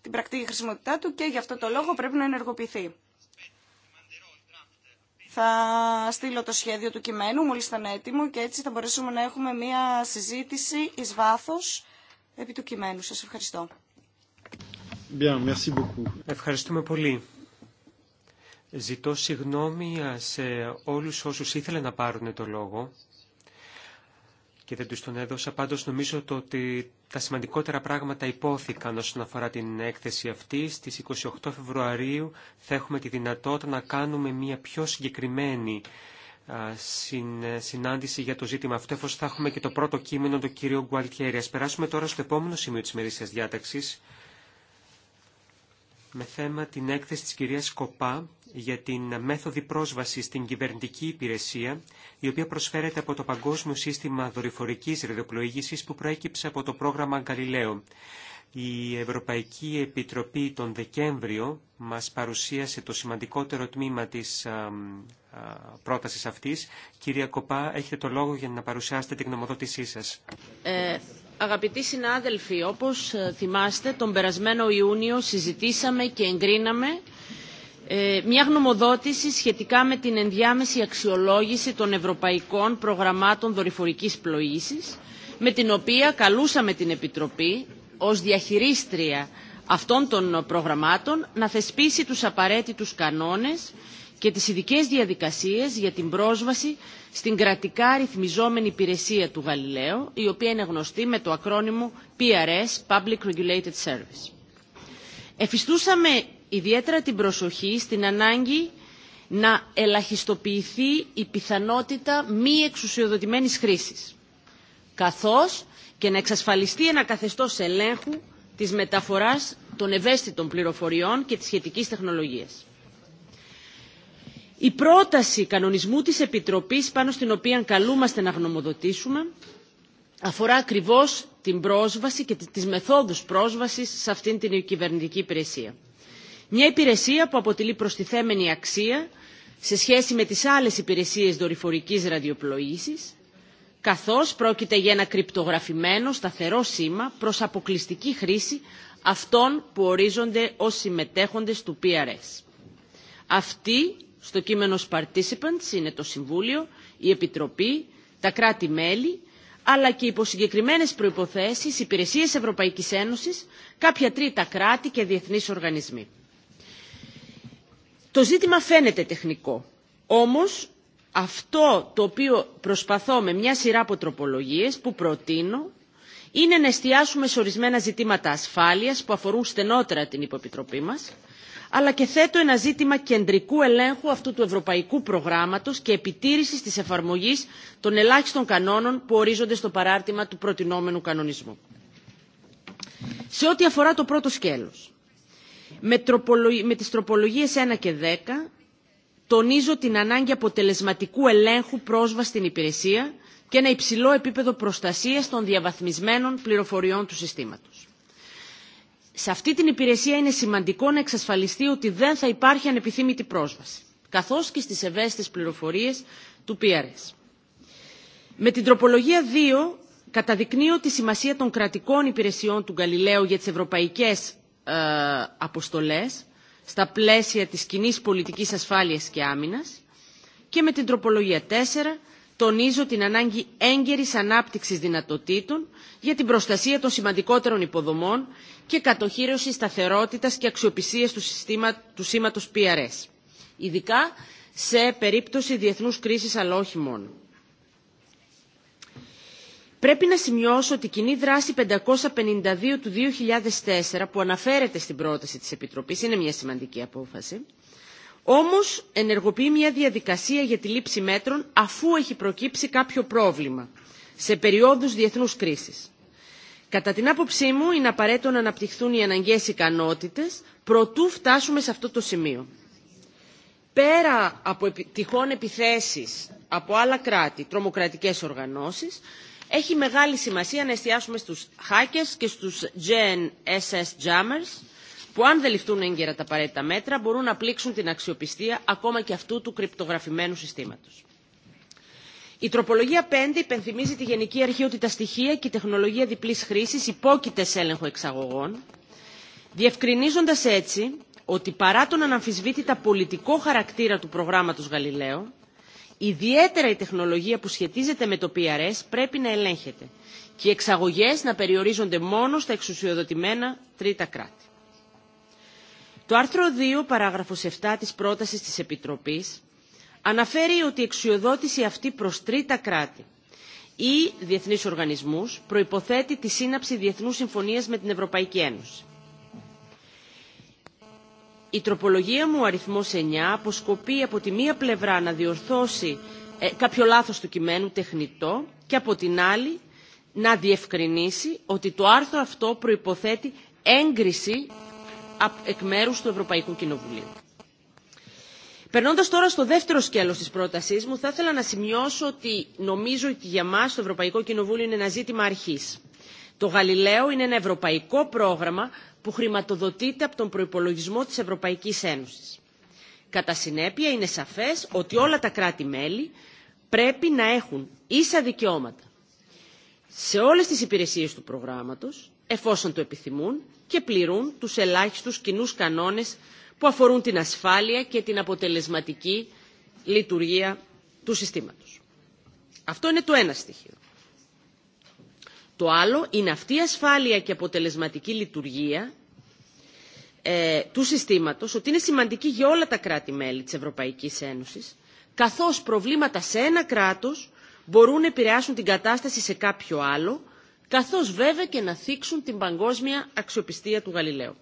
την πρακτική χρησιμότητά του και γι' αυτό το λόγο πρέπει να ενεργοποιηθεί. Θα στείλω το σχέδιο του κειμένου μόλις ήταν έτοιμο και έτσι θα μπορέσουμε να έχουμε μία συζήτηση εις βάθος επί του κειμένου. Σας ευχαριστώ. Bien, merci beaucoup. Ευχαριστούμε πολύ. Ζητώ συγγνώμη σε όλους όσους ήθελαν να πάρουν το λόγο και δεν τους τον έδωσα. Πάντως νομίζω ότι τα σημαντικότερα πράγματα υπόθηκαν όσον αφορά την έκθεση αυτή. Στις 28 Φεβρουαρίου θα έχουμε τη δυνατότητα να κάνουμε μια πιο συγκεκριμένη συνάντηση για το ζήτημα αυτό, εφόσον θα έχουμε και το πρώτο κείμενο του κυρίου Γκουαλτιέρη. Ας περάσουμε τώρα στο επόμενο σημείο της μερίσιας διάταξης, με θέμα την έκθεση της κυρίας Κοπά για την μέθοδη πρόσβαση στην κυβερνητική υπηρεσία, η οποία προσφέρεται από το Παγκόσμιο Σύστημα Δορυφορικής Ρεδιοπλοήγησης που προέκυψε από το πρόγραμμα Γκαλιλαίου. Η Ευρωπαϊκή Επιτροπή τον Δεκέμβριο μας παρουσίασε το σημαντικότερο τμήμα της πρότασης αυτής. Κυρία Κοπά, έχετε το λόγο για να παρουσιάσετε την γνωμοδότησή σας. Ε, αγαπητοί συνάδελφοι, όπως ε, θυμάστε, τον περασμένο Ιούνιο συζητήσαμε και εγκρίναμε ε, μια γνωμοδότηση σχετικά με την ενδιάμεση αξιολόγηση των ευρωπαϊκών προγραμμάτων δορυφορικής πλοήσης, με την οποία καλούσαμε την Επιτροπή ως διαχειρίστρια αυτών των προγραμμάτων να θεσπίσει τους απαραίτητους κανόνες και τις ειδικέ διαδικασίες για την πρόσβαση στην κρατικά ρυθμιζόμενη υπηρεσία του Γαλιλαίου, η οποία είναι γνωστή με το ακρόνιμο PRS, Public Regulated Service. Εφιστούσαμε ιδιαίτερα την προσοχή στην ανάγκη να ελαχιστοποιηθεί η πιθανότητα μη εξουσιοδοτημένης χρήσης, καθώς και να εξασφαλιστεί ένα καθεστώς ελέγχου της μεταφοράς των ευαίσθητων πληροφοριών και της σχετικής τεχνολογίας. Η πρόταση κανονισμού της Επιτροπής, πάνω στην οποία καλούμαστε να γνωμοδοτήσουμε, αφορά ακριβώς την πρόσβαση και τις μεθόδους πρόσβασης σε αυτήν την κυβερνητική υπηρεσία μια υπηρεσία που αποτελεί προστιθέμενη αξία σε σχέση με τις άλλες υπηρεσίες δορυφορικής ραδιοπλοήσης, καθώς πρόκειται για ένα κρυπτογραφημένο σταθερό σήμα προς αποκλειστική χρήση αυτών που ορίζονται ως συμμετέχοντες του PRS. Αυτή στο κείμενο participants, είναι το Συμβούλιο, η Επιτροπή, τα κράτη-μέλη, αλλά και υπό συγκεκριμένε προϋποθέσεις, υπηρεσίες Ευρωπαϊκής Ένωσης, κάποια τρίτα κράτη και διεθνείς οργανισμοί. Το ζήτημα φαίνεται τεχνικό. Όμως αυτό το οποίο προσπαθώ με μια σειρά από τροπολογίες που προτείνω είναι να εστιάσουμε σε ορισμένα ζητήματα ασφάλειας που αφορούν στενότερα την υποπιτροπή μας, αλλά και θέτω ένα ζήτημα κεντρικού ελέγχου αυτού του ευρωπαϊκού προγράμματος και επιτήρησης της εφαρμογής των ελάχιστων κανόνων που ορίζονται στο παράρτημα του προτινόμενου κανονισμού. Σε ό,τι αφορά το πρώτο σκέλος, με τις τροπολογίες 1 και 10 τονίζω την ανάγκη αποτελεσματικού ελέγχου πρόσβαση στην υπηρεσία και ένα υψηλό επίπεδο προστασίας των διαβαθμισμένων πληροφοριών του συστήματος. Σε αυτή την υπηρεσία είναι σημαντικό να εξασφαλιστεί ότι δεν θα υπάρχει ανεπιθύμητη πρόσβαση, καθώς και στις ευαίσθητες πληροφορίες του PRS. Με την τροπολογία 2 καταδεικνύω τη σημασία των κρατικών υπηρεσιών του Γαλιλαίου για τις ευρωπαϊκές ε, αποστολές στα πλαίσια της κοινή πολιτικής ασφάλειας και άμυνας και με την τροπολογία 4 τονίζω την ανάγκη έγκαιρης ανάπτυξης δυνατοτήτων για την προστασία των σημαντικότερων υποδομών και κατοχήρωση σταθερότητας και αξιοπιστίας του, συστήμα, του PRS, ειδικά σε περίπτωση διεθνούς κρίσης αλλά όχι Πρέπει να σημειώσω ότι η κοινή δράση 552 του 2004 που αναφέρεται στην πρόταση της Επιτροπής είναι μια σημαντική απόφαση όμως ενεργοποιεί μια διαδικασία για τη λήψη μέτρων αφού έχει προκύψει κάποιο πρόβλημα σε περιόδους διεθνούς κρίσης. Κατά την άποψή μου είναι απαραίτητο να αναπτυχθούν οι αναγκαίες ικανότητες προτού φτάσουμε σε αυτό το σημείο. Πέρα από τυχόν επιθέσεις από άλλα κράτη, τρομοκρατικές οργανώσεις, έχει μεγάλη σημασία να εστιάσουμε στους hackers και στους GNSS jammers, που αν δεν ληφθούν έγκαιρα τα απαραίτητα μέτρα μπορούν να πλήξουν την αξιοπιστία ακόμα και αυτού του κρυπτογραφημένου συστήματος. Η τροπολογία 5 υπενθυμίζει τη Γενική Αρχή ότι τα στοιχεία και η τεχνολογία διπλής χρήσης υπόκειται σε έλεγχο εξαγωγών, διευκρινίζοντας έτσι ότι παρά τον αναμφισβήτητα πολιτικό χαρακτήρα του προγράμματος Γαλιλαίο, ιδιαίτερα η τεχνολογία που σχετίζεται με το PRS πρέπει να ελέγχεται και οι εξαγωγές να περιορίζονται μόνο στα εξουσιοδοτημένα τρίτα κράτη. Το άρθρο 2, παράγραφος 7 της πρότασης της Επιτροπής αναφέρει ότι η εξουσιοδότηση αυτή προς τρίτα κράτη ή διεθνείς οργανισμούς προϋποθέτει τη σύναψη διεθνούς συμφωνίας με την Ευρωπαϊκή Ένωση η τροπολογία μου αριθμός 9 αποσκοπεί από τη μία πλευρά να διορθώσει ε, κάποιο λάθος του κειμένου τεχνητό και από την άλλη να διευκρινίσει ότι το άρθρο αυτό προϋποθέτει έγκριση εκ μέρους του Ευρωπαϊκού Κοινοβουλίου. Περνώντας τώρα στο δεύτερο σκέλος της πρότασής μου, θα ήθελα να σημειώσω ότι νομίζω ότι για μας το Ευρωπαϊκό Κοινοβούλιο είναι ένα ζήτημα αρχής το Γαλιλαίο είναι ένα ευρωπαϊκό πρόγραμμα που χρηματοδοτείται από τον προϋπολογισμό της Ευρωπαϊκής Ένωσης. Κατά συνέπεια είναι σαφές ότι όλα τα κράτη-μέλη πρέπει να έχουν ίσα δικαιώματα σε όλες τις υπηρεσίες του προγράμματος, εφόσον το επιθυμούν και πληρούν τους ελάχιστους κοινού κανόνες που αφορούν την ασφάλεια και την αποτελεσματική λειτουργία του συστήματος. Αυτό είναι το ένα στοιχείο. Το άλλο είναι αυτή η ασφάλεια και αποτελεσματική λειτουργία ε, του συστήματος, ότι είναι σημαντική για όλα τα κράτη-μέλη της Ευρωπαϊκής Ένωσης, καθώς προβλήματα σε ένα κράτος μπορούν να επηρεάσουν την κατάσταση σε κάποιο άλλο, καθώς βέβαια και να θίξουν την παγκόσμια αξιοπιστία του Γαλιλαίου.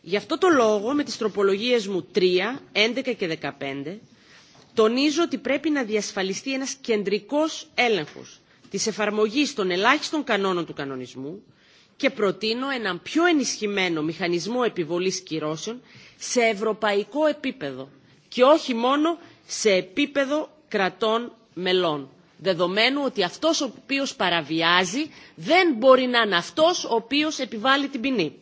Γι' αυτό το λόγο, με τις τροπολογίες μου 3, 11 και 15, τονίζω ότι πρέπει να διασφαλιστεί ένας κεντρικός έλεγχος της εφαρμογής των ελάχιστων κανόνων του κανονισμού και προτείνω έναν πιο ενισχυμένο μηχανισμό επιβολής κυρώσεων σε ευρωπαϊκό επίπεδο και όχι μόνο σε επίπεδο κρατών μελών δεδομένου ότι αυτός ο οποίος παραβιάζει δεν μπορεί να είναι αυτός ο οποίος επιβάλλει την ποινή.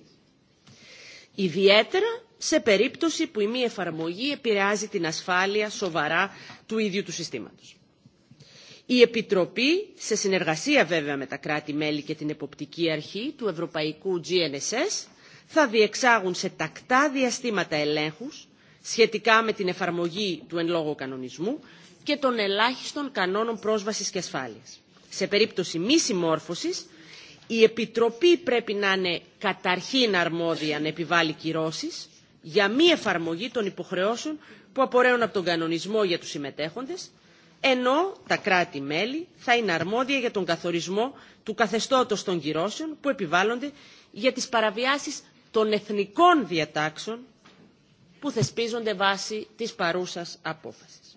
Ιδιαίτερα σε περίπτωση που η μη εφαρμογή επηρεάζει την ασφάλεια σοβαρά του ίδιου του συστήματος η Επιτροπή, σε συνεργασία βέβαια με τα κράτη-μέλη και την εποπτική αρχή του Ευρωπαϊκού GNSS, θα διεξάγουν σε τακτά διαστήματα ελέγχους σχετικά με την εφαρμογή του εν λόγω κανονισμού και των ελάχιστων κανόνων πρόσβασης και ασφάλειας. Σε περίπτωση μη συμμόρφωσης, η Επιτροπή πρέπει να είναι καταρχήν αρμόδια να επιβάλλει κυρώσεις για μη εφαρμογή των υποχρεώσεων που απορρέουν από τον κανονισμό για τους συμμετέχοντες ενώ τα κράτη-μέλη θα είναι αρμόδια για τον καθορισμό του καθεστώτος των κυρώσεων που επιβάλλονται για τις παραβιάσεις των εθνικών διατάξεων που θεσπίζονται βάσει της παρούσας απόφασης.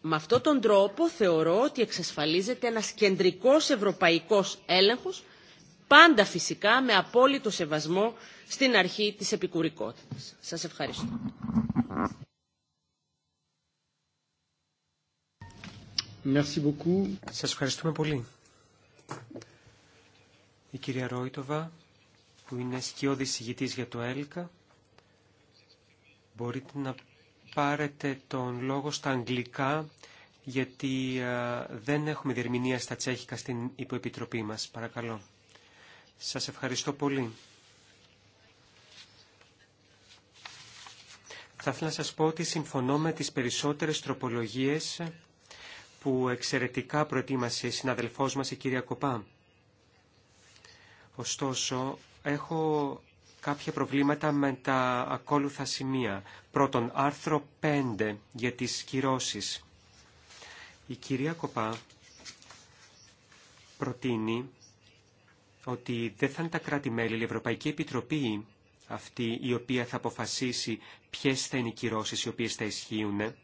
Με αυτόν τον τρόπο θεωρώ ότι εξασφαλίζεται ένας κεντρικός ευρωπαϊκός έλεγχος, πάντα φυσικά με απόλυτο σεβασμό στην αρχή της επικουρικότητας. Σας ευχαριστώ. Merci Σας ευχαριστούμε πολύ. Η κυρία Ρόιτοβα, που είναι σκιώδη συγητής για το ΕΛΚΑ, μπορείτε να πάρετε τον λόγο στα αγγλικά, γιατί δεν έχουμε διερμηνία στα τσέχικα στην υποεπιτροπή μας. Παρακαλώ. Σας ευχαριστώ πολύ. Θα ήθελα να σας πω ότι συμφωνώ με τις περισσότερες τροπολογίες που εξαιρετικά προετοίμασε η συναδελφός μας η κυρία Κοπά. Ωστόσο, έχω κάποια προβλήματα με τα ακόλουθα σημεία. Πρώτον, άρθρο 5 για τις κυρώσεις. Η κυρία Κοπά προτείνει ότι δεν θα είναι τα κράτη-μέλη, η Ευρωπαϊκή Επιτροπή αυτή η οποία θα αποφασίσει ποιες θα είναι οι κυρώσεις οι οποίες θα ισχύουν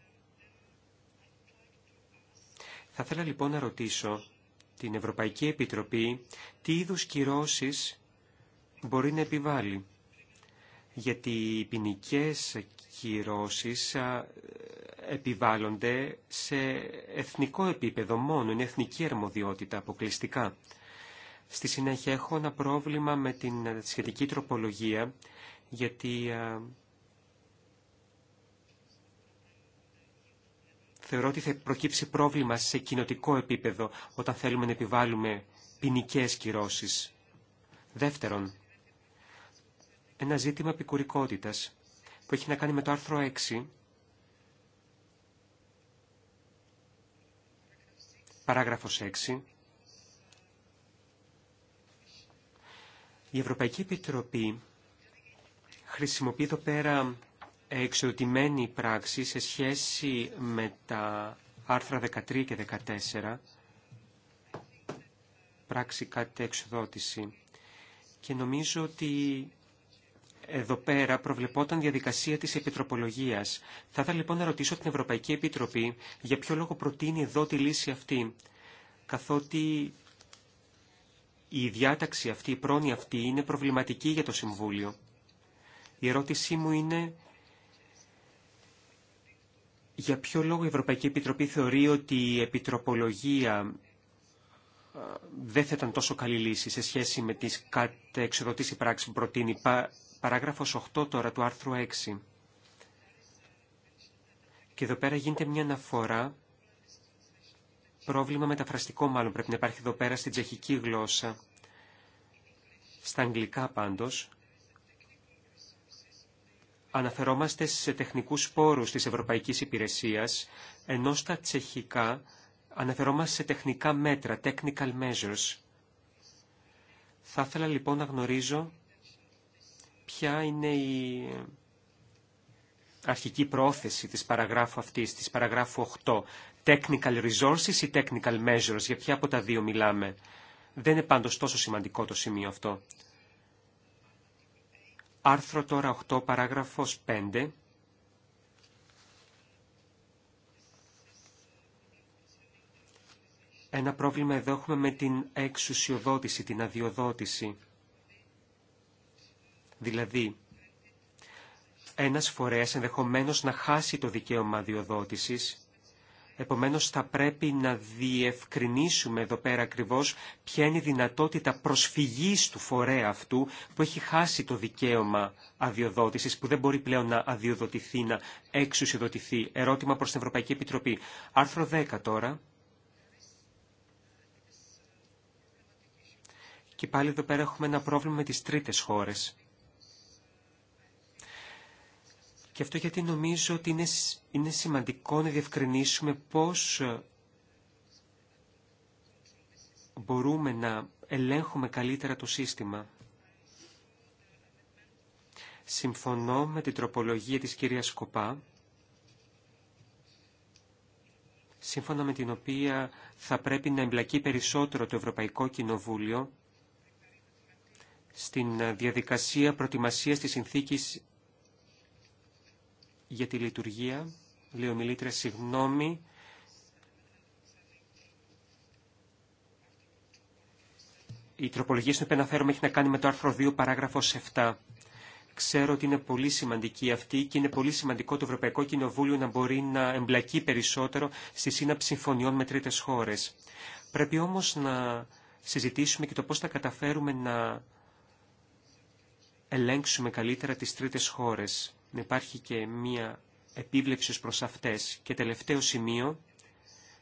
θα ήθελα λοιπόν να ρωτήσω την Ευρωπαϊκή Επιτροπή τι είδους κυρώσεις μπορεί να επιβάλλει. Γιατί οι ποινικέ κυρώσεις επιβάλλονται σε εθνικό επίπεδο μόνο, είναι εθνική αρμοδιότητα αποκλειστικά. Στη συνέχεια έχω ένα πρόβλημα με την σχετική τροπολογία, γιατί θεωρώ ότι θα προκύψει πρόβλημα σε κοινοτικό επίπεδο όταν θέλουμε να επιβάλλουμε ποινικέ κυρώσει. Δεύτερον, ένα ζήτημα επικουρικότητα που έχει να κάνει με το άρθρο 6, παράγραφος 6, η Ευρωπαϊκή Επιτροπή χρησιμοποιεί εδώ πέρα εξορτημένη πράξη σε σχέση με τα άρθρα 13 και 14, πράξη κάτι εξοδότηση. Και νομίζω ότι εδώ πέρα προβλεπόταν διαδικασία της επιτροπολογίας. Θα ήθελα λοιπόν να ρωτήσω την Ευρωπαϊκή Επιτροπή για ποιο λόγο προτείνει εδώ τη λύση αυτή, καθότι η διάταξη αυτή, η πρόνοια αυτή είναι προβληματική για το Συμβούλιο. Η ερώτησή μου είναι για ποιο λόγο η Ευρωπαϊκή Επιτροπή θεωρεί ότι η επιτροπολογία ε, δεν θα ήταν τόσο καλή λύση σε σχέση με τις κατεξοδοτήσει πράξεις που προτείνει πα, παράγραφος 8 τώρα του άρθρου 6. Και εδώ πέρα γίνεται μια αναφορά, πρόβλημα μεταφραστικό μάλλον πρέπει να υπάρχει εδώ πέρα στην τσεχική γλώσσα. Στα αγγλικά πάντως, αναφερόμαστε σε τεχνικούς πόρους της Ευρωπαϊκής Υπηρεσίας, ενώ στα τσεχικά αναφερόμαστε σε τεχνικά μέτρα, technical measures. Θα ήθελα λοιπόν να γνωρίζω ποια είναι η αρχική πρόθεση της παραγράφου αυτής, της παραγράφου 8. Technical resources ή technical measures, για ποια από τα δύο μιλάμε. Δεν είναι πάντως τόσο σημαντικό το σημείο αυτό. Άρθρο τώρα 8, παράγραφος 5. Ένα πρόβλημα εδώ έχουμε με την εξουσιοδότηση, την αδειοδότηση. Δηλαδή, ένας φορέας ενδεχομένως να χάσει το δικαίωμα αδειοδότησης Επομένως θα πρέπει να διευκρινίσουμε εδώ πέρα ακριβώς ποια είναι η δυνατότητα προσφυγής του φορέα αυτού που έχει χάσει το δικαίωμα αδειοδότησης, που δεν μπορεί πλέον να αδειοδοτηθεί, να εξουσιοδοτηθεί. Ερώτημα προς την Ευρωπαϊκή Επιτροπή. Άρθρο 10 τώρα. Και πάλι εδώ πέρα έχουμε ένα πρόβλημα με τις τρίτες χώρες. Και αυτό γιατί νομίζω ότι είναι, είναι σημαντικό να διευκρινίσουμε πώς ε, μπορούμε να ελέγχουμε καλύτερα το σύστημα. Συμφωνώ με την τροπολογία της κυρίας Σκοπά, σύμφωνα με την οποία θα πρέπει να εμπλακεί περισσότερο το Ευρωπαϊκό Κοινοβούλιο στην ε, διαδικασία προτιμασίας της συνθήκης για τη λειτουργία, λέω μιλήτρια, συγγνώμη, τροπολογία στην που αναφέρομαι έχει να κάνει με το άρθρο 2 παράγραφο 7. Ξέρω ότι είναι πολύ σημαντική αυτή και είναι πολύ σημαντικό το Ευρωπαϊκό Κοινοβούλιο να μπορεί να εμπλακεί περισσότερο στη σύναψη συμφωνιών με τρίτες χώρες. Πρέπει όμως να συζητήσουμε και το πώς θα καταφέρουμε να ελέγξουμε καλύτερα τις τρίτες χώρες να υπάρχει και μία επίβλεψη προς αυτές. Και τελευταίο σημείο,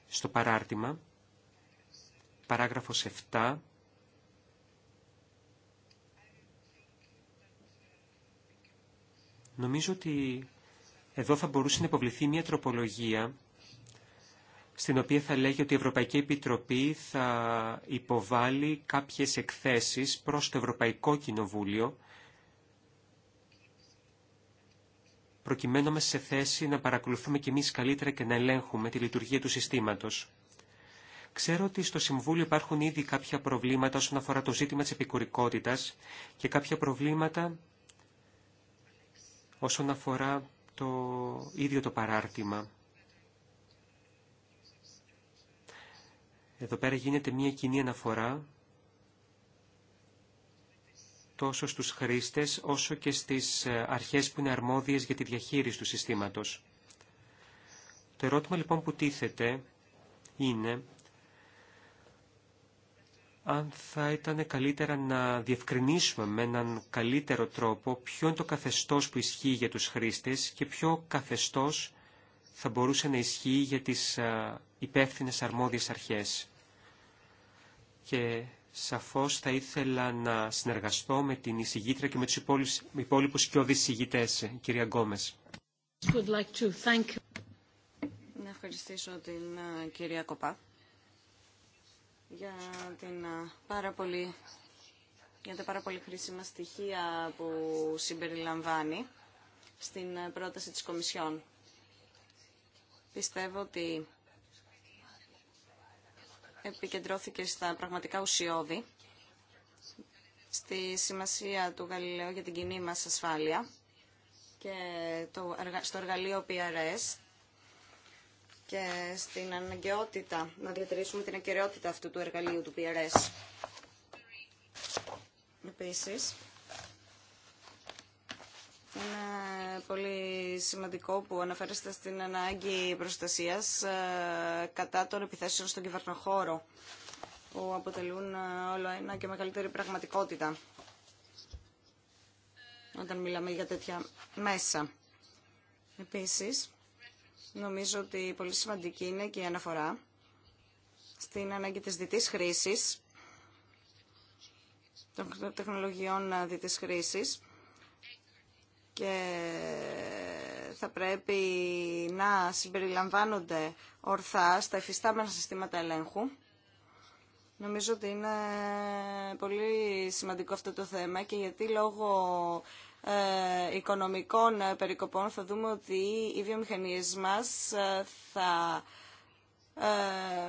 στο παράρτημα, παράγραφος 7, Νομίζω ότι εδώ θα μπορούσε να υποβληθεί μια τροπολογία στην οποία θα λέγει ότι η Ευρωπαϊκή Επιτροπή θα υποβάλει κάποιες εκθέσεις προς το Ευρωπαϊκό Κοινοβούλιο προκειμένου μας σε θέση να παρακολουθούμε κι εμείς καλύτερα και να ελέγχουμε τη λειτουργία του συστήματος. Ξέρω ότι στο Συμβούλιο υπάρχουν ήδη κάποια προβλήματα όσον αφορά το ζήτημα της επικουρικότητας και κάποια προβλήματα όσον αφορά το ίδιο το παράρτημα. Εδώ πέρα γίνεται μια κοινή αναφορά τόσο στους χρήστες όσο και στις ε, αρχές που είναι αρμόδιες για τη διαχείριση του συστήματος. Το ερώτημα λοιπόν που τίθεται είναι αν θα ήταν καλύτερα να διευκρινίσουμε με έναν καλύτερο τρόπο ποιο είναι το καθεστώς που ισχύει για τους χρήστες και ποιο καθεστώς θα μπορούσε να ισχύει για τις ε, υπεύθυνε αρμόδιες αρχές. Και Σαφώς θα ήθελα να συνεργαστώ με την εισηγήτρια και με τους υπόλοιπους και εισηγητές, κυρία Γκόμες. like thank Να ευχαριστήσω την ε, κυρία Κοπά για, την, ε, πάρα πολύ, για τα πάρα πολύ χρήσιμα στοιχεία που συμπεριλαμβάνει στην ε, πρόταση της Κομισιόν. Πιστεύω ότι επικεντρώθηκε στα πραγματικά ουσιώδη, στη σημασία του Γαλιλαίου για την κοινή μας ασφάλεια και στο εργαλείο PRS και στην αναγκαιότητα να διατηρήσουμε την ακαιρεότητα αυτού του εργαλείου του PRS. Επίσης, είναι πολύ σημαντικό που αναφέρεστε στην ανάγκη προστασίας ε, κατά των επιθέσεων στον κυβερνοχώρο που αποτελούν ε, όλο ένα και μεγαλύτερη πραγματικότητα όταν μιλάμε για τέτοια μέσα. Επίσης, νομίζω ότι πολύ σημαντική είναι και η αναφορά στην ανάγκη της διτής χρήσης, των τεχνολογιών ε, διτής χρήσης, και θα πρέπει να συμπεριλαμβάνονται ορθά στα εφιστάμενα συστήματα ελέγχου. Νομίζω ότι είναι πολύ σημαντικό αυτό το θέμα και γιατί λόγω ε, οικονομικών ε, περικοπών θα δούμε ότι οι βιομηχανίε μας ε, θα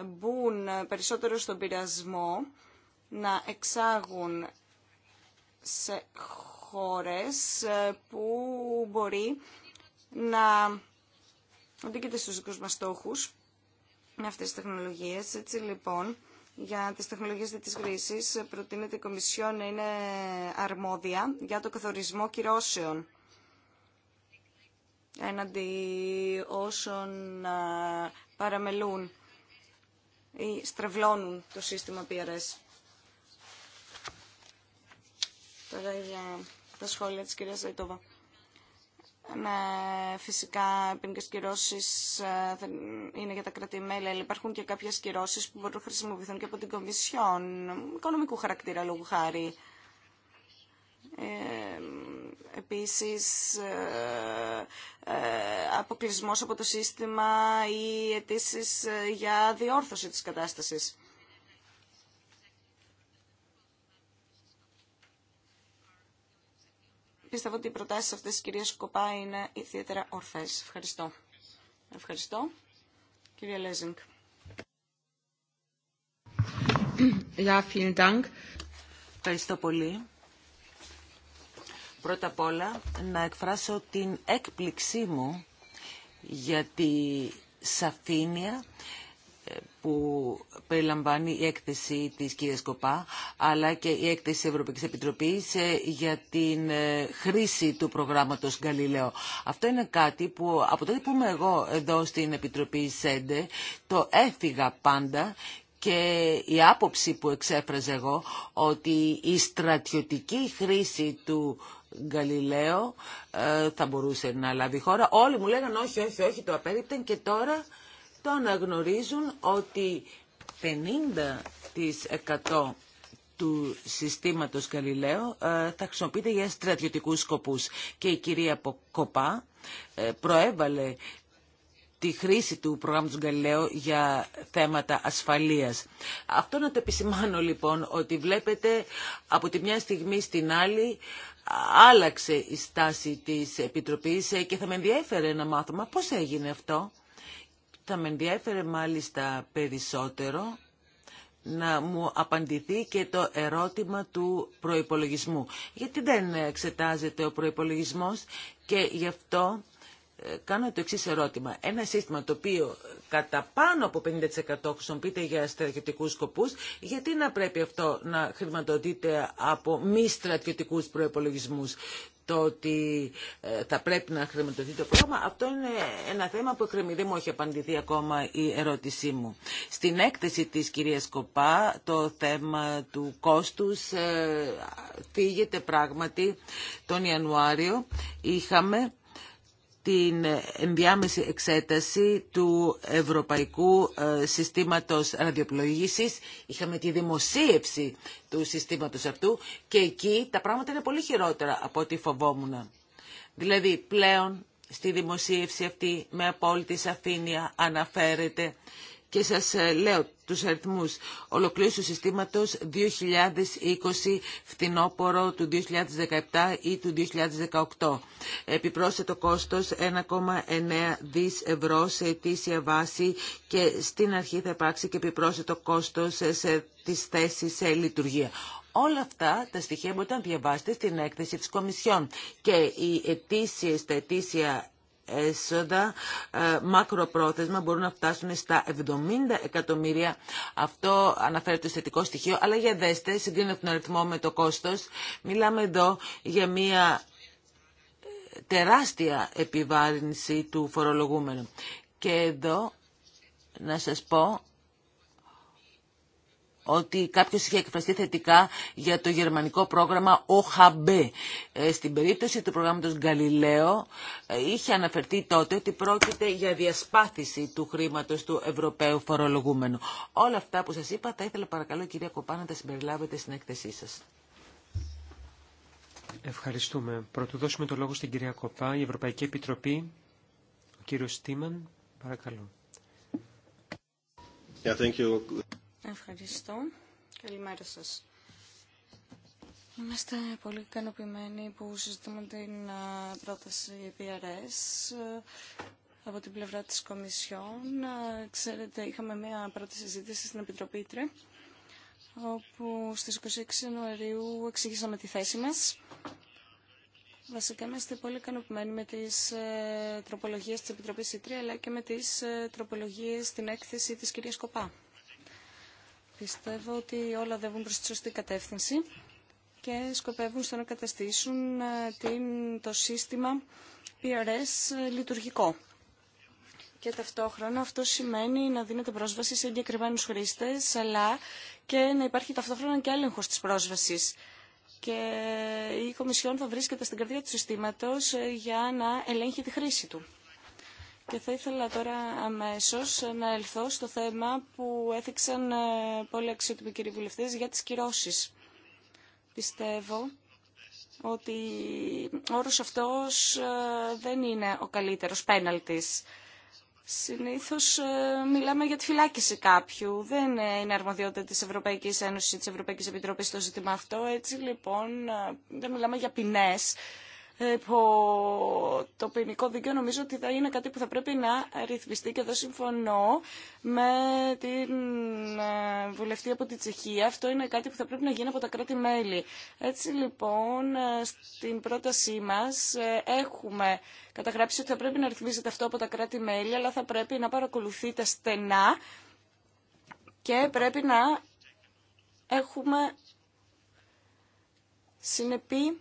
μπουν περισσότερο στον πειρασμό να εξάγουν σε χώρες ε, που μπορεί να αντίκειται στους δικούς μας στόχους με αυτές τις τεχνολογίες. Έτσι λοιπόν, για τις τεχνολογίες της χρήσης ε, προτείνεται η Κομισιόν να είναι αρμόδια για το καθορισμό κυρώσεων έναντι όσων ε, παραμελούν ή στρεβλώνουν το σύστημα PRS. Τώρα για τα σχόλια της κυρίας Ζαϊτόβα. Ναι, φυσικά ποινικέ κυρώσει ε, είναι για τα κρατημέλη, αλλά υπάρχουν και κάποιε κυρώσει που μπορούν να χρησιμοποιηθούν και από την Κομισιόν, οικονομικού χαρακτήρα λόγου χάρη. Ε, επίσης ε, ε, αποκλεισμός από το σύστημα ή αιτήσει για διόρθωση της κατάστασης. Πιστεύω ότι οι προτάσεις αυτές της κυρίας Κοπά είναι ιδιαίτερα ορθές. Ευχαριστώ. Ευχαριστώ. Κυρία Λέζινγκ. Ja, vielen Dank. Ευχαριστώ πολύ. Πρώτα απ' όλα να εκφράσω την έκπληξή μου για τη σαφήνεια που περιλαμβάνει η έκθεση της κυρίας Κοπά, αλλά και η έκθεση της Ευρωπαϊκής Επιτροπής ε, για την ε, χρήση του προγράμματος Γκαλιλαίο. Αυτό είναι κάτι που από τότε που είμαι εγώ εδώ στην Επιτροπή ΣΕΝΤΕ, το έφυγα πάντα και η άποψη που εξέφραζα εγώ ότι η στρατιωτική χρήση του Γκαλιλαίου ε, θα μπορούσε να λάβει χώρα. Όλοι μου λέγανε όχι, όχι, όχι, το απέριπταν και τώρα το αναγνωρίζουν ότι 50% του συστήματος Γαλιλαίου ε, θα χρησιμοποιείται για στρατιωτικούς σκοπούς. Και η κυρία Κοπά ε, προέβαλε τη χρήση του προγράμματος Γκαλιλαίου για θέματα ασφαλείας. Αυτό να το επισημάνω λοιπόν ότι βλέπετε από τη μια στιγμή στην άλλη άλλαξε η στάση της Επιτροπής ε, και θα με ενδιαφέρε να μάθουμε πώς έγινε αυτό. Θα με ενδιαφέρε μάλιστα περισσότερο να μου απαντηθεί και το ερώτημα του προϋπολογισμού. Γιατί δεν εξετάζεται ο προϋπολογισμός και γι' αυτό ε, κάνω το εξής ερώτημα. Ένα σύστημα το οποίο κατά πάνω από 50% χρησιμοποιείται για στρατιωτικούς σκοπούς, γιατί να πρέπει αυτό να χρηματοδοτείται από μη στρατιωτικούς προϋπολογισμούς το ότι ε, θα πρέπει να χρηματοδοτεί το πρόγραμμα, αυτό είναι ένα θέμα που Δεν μου έχει απαντηθεί ακόμα η ερώτησή μου. Στην έκθεση της κυρίας Κοπά, το θέμα του κόστους ε, φύγεται πράγματι τον Ιανουάριο. Είχαμε την ενδιάμεση εξέταση του Ευρωπαϊκού ε, Συστήματος Ραδιοπλοήγησης. Είχαμε τη δημοσίευση του συστήματος αυτού και εκεί τα πράγματα είναι πολύ χειρότερα από ό,τι φοβόμουν. Δηλαδή πλέον στη δημοσίευση αυτή με απόλυτη σαφήνεια αναφέρεται και σας ε, λέω τους αριθμούς ολοκλήρωση του συστήματος 2020 φθινόπορο του 2017 ή του 2018. Επιπρόσθετο κόστος 1,9 δις ευρώ σε ετήσια βάση και στην αρχή θα υπάρξει και επιπρόσθετο κόστος ε, σε τις θέσεις σε λειτουργία. Όλα αυτά τα στοιχεία μπορείτε να διαβάσετε στην έκθεση της Κομισιόν και οι ετήσια τα ετήσια έσοδα ε, μακροπρόθεσμα μπορούν να φτάσουν στα 70 εκατομμύρια. Αυτό αναφέρεται στο θετικό στοιχείο, αλλά για δέστε, συγκρίνω τον αριθμό με το κόστος, μιλάμε εδώ για μια ε, τεράστια επιβάρυνση του φορολογούμενου. Και εδώ να σας πω ότι κάποιος είχε εκφραστεί θετικά για το γερμανικό πρόγραμμα ΟΧΑΜΠΕ. Στην περίπτωση του προγράμματος Γκαλιλαίο ε, είχε αναφερθεί τότε ότι πρόκειται για διασπάθηση του χρήματος του Ευρωπαίου φορολογούμενου. Όλα αυτά που σας είπα τα ήθελα παρακαλώ κυρία Κοπά να τα συμπεριλάβετε στην έκθεσή σας. Ευχαριστούμε. Πρωτού δώσουμε το λόγο στην κυρία Κοπά, η Ευρωπαϊκή Επιτροπή, ο κύριος Στίμαν, παρακαλώ. Yeah, Ευχαριστώ. Καλημέρα σας. Είμαστε πολύ ικανοποιημένοι που συζητούμε την πρόταση PRS από την πλευρά της Κομισιόν. Ξέρετε, είχαμε μια πρώτη συζήτηση στην Επιτροπή όπου στις 26 Ιανουαρίου εξήγησαμε τη θέση μας. Βασικά είμαστε πολύ ικανοποιημένοι με τις ε, τροπολογίες της Επιτροπής Ήτρε, αλλά και με τις ε, τροπολογίες στην έκθεση της κυρίας Κοπά. Πιστεύω ότι όλα δεύουν προς τη σωστή κατεύθυνση και σκοπεύουν στο να καταστήσουν ε, το σύστημα PRS ε, λειτουργικό. Και ταυτόχρονα αυτό σημαίνει να δίνεται πρόσβαση σε εγκεκριμένου χρήστε, αλλά και να υπάρχει ταυτόχρονα και έλεγχο τη πρόσβαση. Και ε, η Κομισιόν θα βρίσκεται στην καρδιά του συστήματο για να ελέγχει τη χρήση του. Και θα ήθελα τώρα αμέσως να ελθώ στο θέμα που έθιξαν ε, πολλοί αξιότιμοι κύριοι βουλευτές για τις κυρώσεις. Πιστεύω ότι ο όρος αυτός ε, δεν είναι ο καλύτερος πέναλτης. Συνήθως ε, μιλάμε για τη φυλάκιση κάποιου. Δεν είναι αρμοδιότητα της Ευρωπαϊκής Ένωσης ή της Ευρωπαϊκής Επιτροπής το ζήτημα αυτό. Έτσι λοιπόν δεν μιλάμε για ποινές υπό το ποινικό δίκαιο νομίζω ότι θα είναι κάτι που θα πρέπει να ρυθμιστεί και εδώ συμφωνώ με την ε, βουλευτή από τη Τσεχία. Αυτό είναι κάτι που θα πρέπει να γίνει από τα κράτη-μέλη. Έτσι λοιπόν ε, στην πρότασή μας ε, έχουμε καταγράψει ότι θα πρέπει να ρυθμίζεται αυτό από τα κράτη-μέλη αλλά θα πρέπει να παρακολουθείτε στενά και πρέπει να έχουμε συνεπή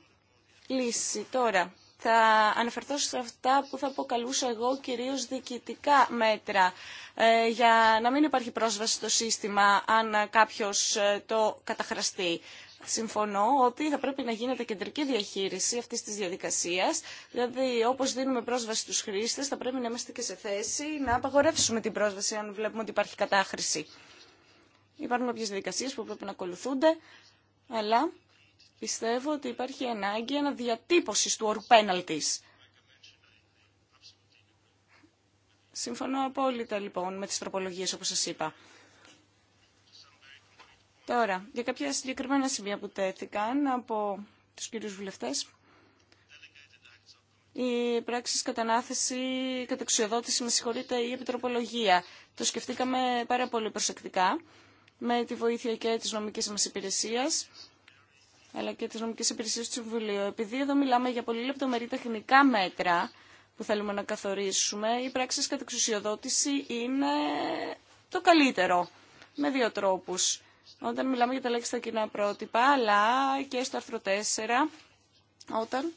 λύση. Τώρα, θα αναφερθώ σε αυτά που θα αποκαλούσα εγώ κυρίως διοικητικά μέτρα ε, για να μην υπάρχει πρόσβαση στο σύστημα αν κάποιος ε, το καταχραστεί. Συμφωνώ ότι θα πρέπει να γίνεται κεντρική διαχείριση αυτής της διαδικασίας, δηλαδή όπως δίνουμε πρόσβαση στους χρήστες θα πρέπει να είμαστε και σε θέση να απαγορεύσουμε την πρόσβαση αν βλέπουμε ότι υπάρχει κατάχρηση. Υπάρχουν κάποιες διαδικασίες που πρέπει να ακολουθούνται, αλλά πιστεύω ότι υπάρχει ανάγκη αναδιατύπωσης του όρου penalties. Συμφωνώ απόλυτα λοιπόν με τις τροπολογίες όπως σας είπα. Τώρα, για κάποια συγκεκριμένα σημεία που τέθηκαν από τους κύριους βουλευτές. η πράξεις κατανάθεση, κατεξιοδότηση, με συγχωρείτε, ή επιτροπολογία. Το σκεφτήκαμε πάρα πολύ προσεκτικά με τη βοήθεια και της νομικής μας υπηρεσίας αλλά και της νομικής υπηρεσία του Συμβουλίου. Επειδή εδώ μιλάμε για πολύ λεπτομερή τεχνικά μέτρα που θέλουμε να καθορίσουμε, η πράξη κατά εξουσιοδότηση είναι το καλύτερο, με δύο τρόπους. Όταν μιλάμε για τα λέξη στα κοινά πρότυπα, αλλά και στο άρθρο 4, όταν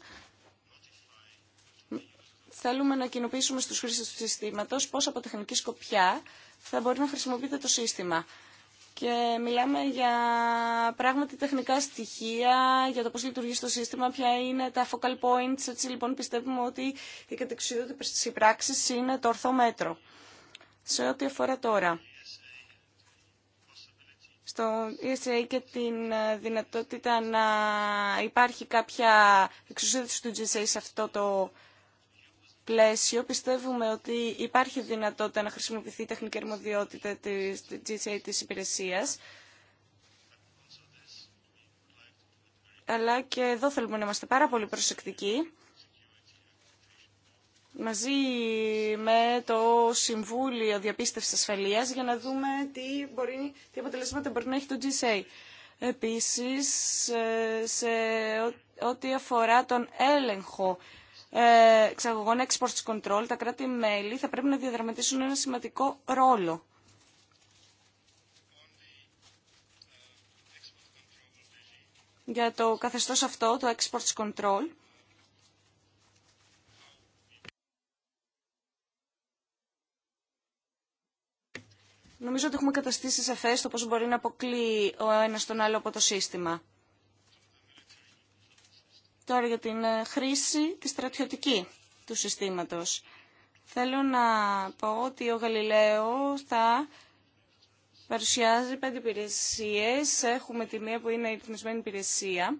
θέλουμε να κοινοποιήσουμε στους χρήστες του συστήματος πώς από τεχνική σκοπιά θα μπορεί να χρησιμοποιείται το σύστημα. Και μιλάμε για πράγματι τεχνικά στοιχεία, για το πώς λειτουργεί στο σύστημα, ποια είναι τα focal points. Έτσι λοιπόν πιστεύουμε ότι η της πράξης είναι το ορθό μέτρο. Σε ό,τι αφορά τώρα στο ESA και την δυνατότητα να υπάρχει κάποια εξουσίδηση του GSA σε αυτό το πλαίσιο πιστεύουμε ότι υπάρχει δυνατότητα να χρησιμοποιηθεί η τεχνική αρμοδιότητα της GCA της υπηρεσίας. Αλλά και εδώ θέλουμε να είμαστε πάρα πολύ προσεκτικοί μαζί με το Συμβούλιο Διαπίστευσης Ασφαλείας για να δούμε τι, μπορεί, τι αποτελέσματα μπορεί να έχει το GSA. Επίσης, ε, σε ό,τι αφορά τον έλεγχο ε, εξαγωγών exports control, τα κράτη-μέλη θα πρέπει να διαδραματίσουν ένα σημαντικό ρόλο. Για το καθεστώς αυτό, το exports control, Νομίζω ότι έχουμε καταστήσει θέση το πώς μπορεί να αποκλείει ο ένας τον άλλο από το σύστημα. Τώρα για την ε, χρήση τη στρατιωτική του συστήματος. Θέλω να πω ότι ο Γαλιλαίο θα παρουσιάζει πέντε υπηρεσίε. Έχουμε τη μία που είναι η ρυθμισμένη υπηρεσία.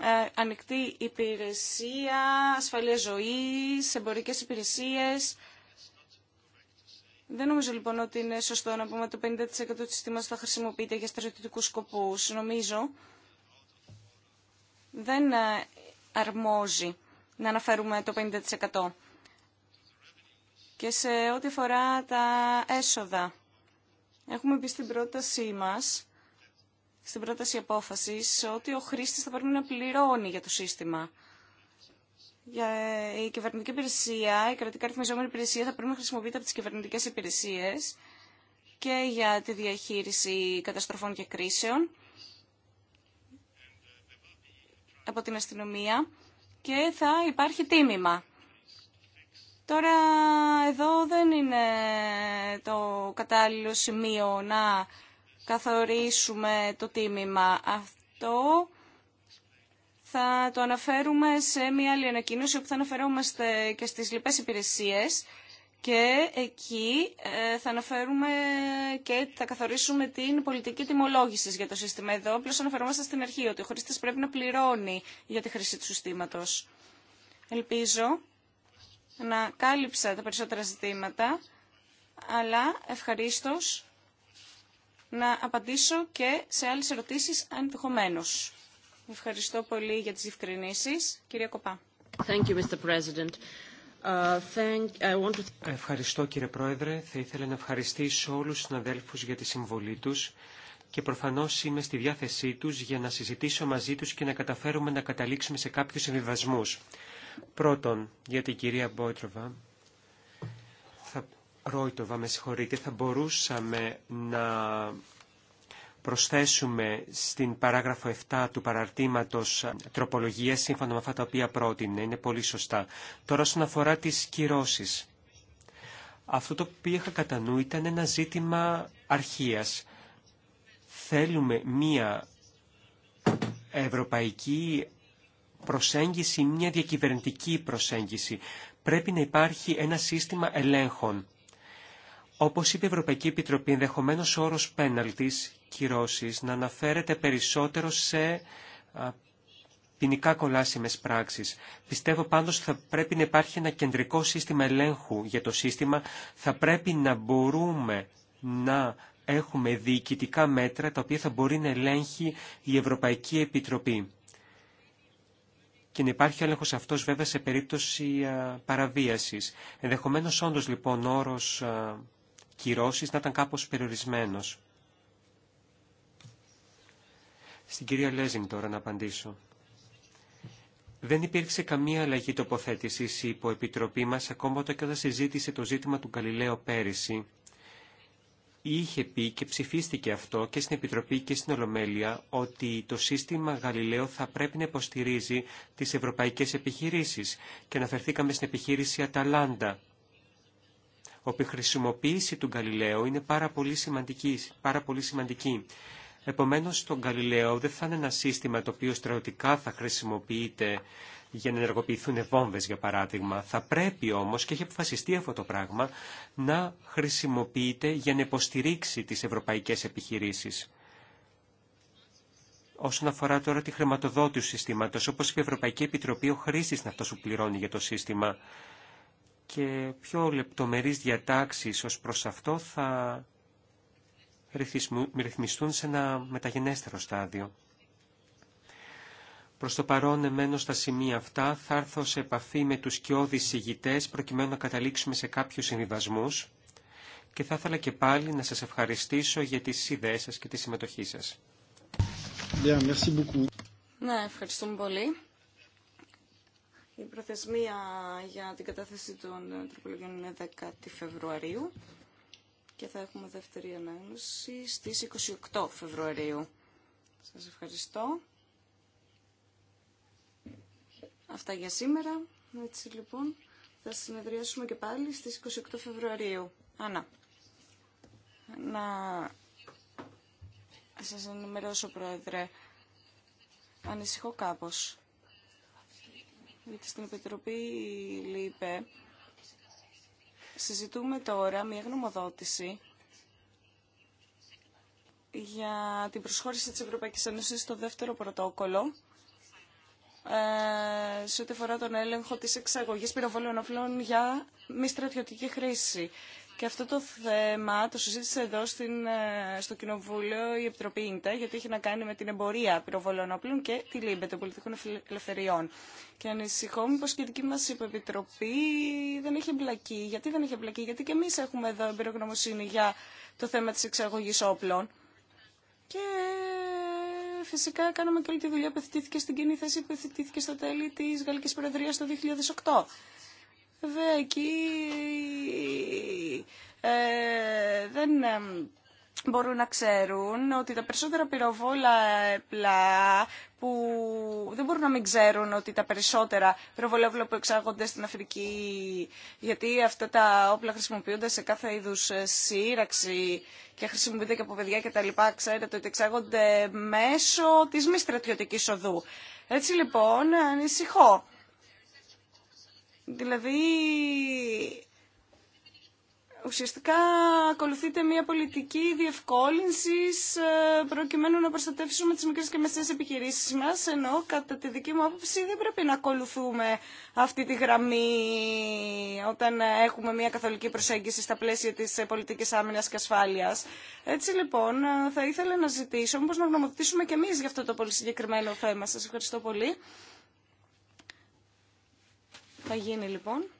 Ε, ανοιχτή υπηρεσία, ασφαλεία ζωής, εμπορικές υπηρεσίες, δεν νομίζω λοιπόν ότι είναι σωστό να πούμε ότι το 50% του συστήματος θα χρησιμοποιείται για στρατιωτικούς σκοπούς. Νομίζω δεν ε, αρμόζει να αναφέρουμε το 50%. Και σε ό,τι αφορά τα έσοδα, έχουμε πει στην πρότασή μας, στην πρόταση απόφασης, ότι ο χρήστης θα πρέπει να πληρώνει για το σύστημα. Για η κυβερνητική υπηρεσία, η κρατικά ρυθμιζόμενη υπηρεσία θα πρέπει να χρησιμοποιείται από τις κυβερνητικές υπηρεσίες και για τη διαχείριση καταστροφών και κρίσεων από την αστυνομία και θα υπάρχει τίμημα. Τώρα εδώ δεν είναι το κατάλληλο σημείο να καθορίσουμε το τίμημα. Αυτό θα το αναφέρουμε σε μια άλλη ανακοίνωση όπου θα αναφερόμαστε και στις λοιπές υπηρεσίες και εκεί ε, θα αναφέρουμε και θα καθορίσουμε την πολιτική τιμολόγηση για το σύστημα. Εδώ απλώ αναφερόμαστε στην αρχή ότι ο χρήστη πρέπει να πληρώνει για τη χρήση του συστήματο. Ελπίζω να κάλυψα τα περισσότερα ζητήματα, αλλά ευχαρίστω να απαντήσω και σε άλλες ερωτήσεις αν Ευχαριστώ πολύ για τις διευκρινήσεις. Κυρία Κοπά. Thank you, Mr. President. Uh, Ευχαριστώ κύριε Πρόεδρε. Θα ήθελα να ευχαριστήσω όλους τους αδέλφους για τη συμβολή τους και προφανώς είμαι στη διάθεσή τους για να συζητήσω μαζί τους και να καταφέρουμε να καταλήξουμε σε κάποιους συμβιβασμούς. Πρώτον, για την κυρία Μπόιτροβα, θα, Ρόιτοβα, με συγχωρείτε, θα μπορούσαμε να προσθέσουμε στην παράγραφο 7 του παραρτήματος τροπολογία σύμφωνα με αυτά τα οποία πρότεινε. Είναι πολύ σωστά. Τώρα όσον αφορά τις κυρώσεις. Αυτό το οποίο είχα κατά νου ήταν ένα ζήτημα αρχείας. Θέλουμε μία ευρωπαϊκή προσέγγιση, μία διακυβερνητική προσέγγιση. Πρέπει να υπάρχει ένα σύστημα ελέγχων. Όπως είπε η Ευρωπαϊκή Επιτροπή, ενδεχομένω ο όρος πέναλτης κυρώσεις να αναφέρεται περισσότερο σε ποινικά κολάσιμες πράξεις. Πιστεύω πάντως θα πρέπει να υπάρχει ένα κεντρικό σύστημα ελέγχου για το σύστημα. Θα πρέπει να μπορούμε να έχουμε διοικητικά μέτρα τα οποία θα μπορεί να ελέγχει η Ευρωπαϊκή Επιτροπή. Και να υπάρχει έλεγχο αυτός βέβαια σε περίπτωση παραβίασης. Ενδεχομένως όντως λοιπόν κυρώσεις να ήταν κάπως περιορισμένος. Στην κυρία Λέζινγκ τώρα να απαντήσω. Δεν υπήρξε καμία αλλαγή τοποθέτηση η επιτροπή μα ακόμα όταν και όταν συζήτησε το ζήτημα του Γαλιλαίου πέρυσι. Είχε πει και ψηφίστηκε αυτό και στην Επιτροπή και στην Ολομέλεια ότι το σύστημα Γαλιλαίο θα πρέπει να υποστηρίζει τις ευρωπαϊκές επιχειρήσεις και αναφερθήκαμε στην επιχείρηση Αταλάντα η χρησιμοποίηση του Γκαλιλαίου είναι πάρα πολύ σημαντική. Πάρα Επομένως, το Γκαλιλαίο δεν θα είναι ένα σύστημα το οποίο στρατιωτικά θα χρησιμοποιείται για να ενεργοποιηθούν βόμβες, για παράδειγμα. Θα πρέπει όμως, και έχει αποφασιστεί αυτό το πράγμα, να χρησιμοποιείται για να υποστηρίξει τις ευρωπαϊκές επιχειρήσεις. Όσον αφορά τώρα τη χρηματοδότηση του συστήματος, όπως είπε η Ευρωπαϊκή Επιτροπή, ο χρήστης είναι αυτός που πληρώνει για το σύστημα και πιο λεπτομερείς διατάξεις ως προς αυτό θα ρυθμιστούν σε ένα μεταγενέστερο στάδιο. Προς το παρόν εμένω στα σημεία αυτά θα έρθω σε επαφή με τους κοιόδης ηγητές προκειμένου να καταλήξουμε σε κάποιους συμβιβασμούς και θα ήθελα και πάλι να σας ευχαριστήσω για τις ιδέες σας και τη συμμετοχή σας. Yeah, merci ναι, ευχαριστούμε πολύ. Η προθεσμία για την κατάθεση των τροπολογιών είναι 10 Φεβρουαρίου και θα έχουμε δεύτερη ανάγνωση στις 28 Φεβρουαρίου. Σας ευχαριστώ. Αυτά για σήμερα. Έτσι λοιπόν θα συνεδριάσουμε και πάλι στις 28 Φεβρουαρίου. Άννα, να σας ενημερώσω πρόεδρε. Ανησυχώ κάπως γιατί στην Επιτροπή ΛΥΠΕ συζητούμε τώρα μια γνωμοδότηση για την προσχώρηση της Ευρωπαϊκής Ένωσης στο δεύτερο πρωτόκολλο ε, σε ό,τι αφορά τον έλεγχο της εξαγωγής πυροβολών όπλων για μη στρατιωτική χρήση. Και αυτό το θέμα το συζήτησε εδώ στην, ε, στο Κοινοβούλιο η Επιτροπή Ιντα, γιατί είχε να κάνει με την εμπορία πυροβολών όπλων και τη ΛΥΜΠΕ, των πολιτικών ελευθεριών. Και ανησυχώ μήπω και η δική μα Επιτροπή δεν έχει εμπλακεί. Γιατί δεν έχει εμπλακεί, Γιατί και εμεί έχουμε εδώ εμπειρογνωμοσύνη για το θέμα τη εξαγωγή όπλων. Και ε, φυσικά κάναμε και όλη τη δουλειά που στην κοινή θέση που στο τέλη τη Γαλλική Προεδρία το 2008. Βέβαια εκεί ε, δεν ε, μπορούν να ξέρουν ότι τα περισσότερα πυροβόλα πλά που δεν μπορούν να μην ξέρουν ότι τα περισσότερα που εξάγονται στην Αφρική γιατί αυτά τα όπλα χρησιμοποιούνται σε κάθε είδους ε, σύραξη και χρησιμοποιούνται και από παιδιά και τα λοιπά ξέρετε ότι εξάγονται μέσω της μη στρατιωτικής οδού. Έτσι λοιπόν ανησυχώ Δηλαδή, ουσιαστικά ακολουθείται μια πολιτική διευκόλυνση ε, προκειμένου να προστατεύσουμε τις μικρές και μεσαίες επιχειρήσεις μας, ενώ κατά τη δική μου άποψη δεν πρέπει να ακολουθούμε αυτή τη γραμμή όταν έχουμε μια καθολική προσέγγιση στα πλαίσια της ε, πολιτικής άμυνας και ασφάλειας. Έτσι λοιπόν ε, θα ήθελα να ζητήσω μήπως να γνωμοποιήσουμε και εμείς για αυτό το πολύ συγκεκριμένο θέμα. Σας ευχαριστώ πολύ. Θα γίνει λοιπόν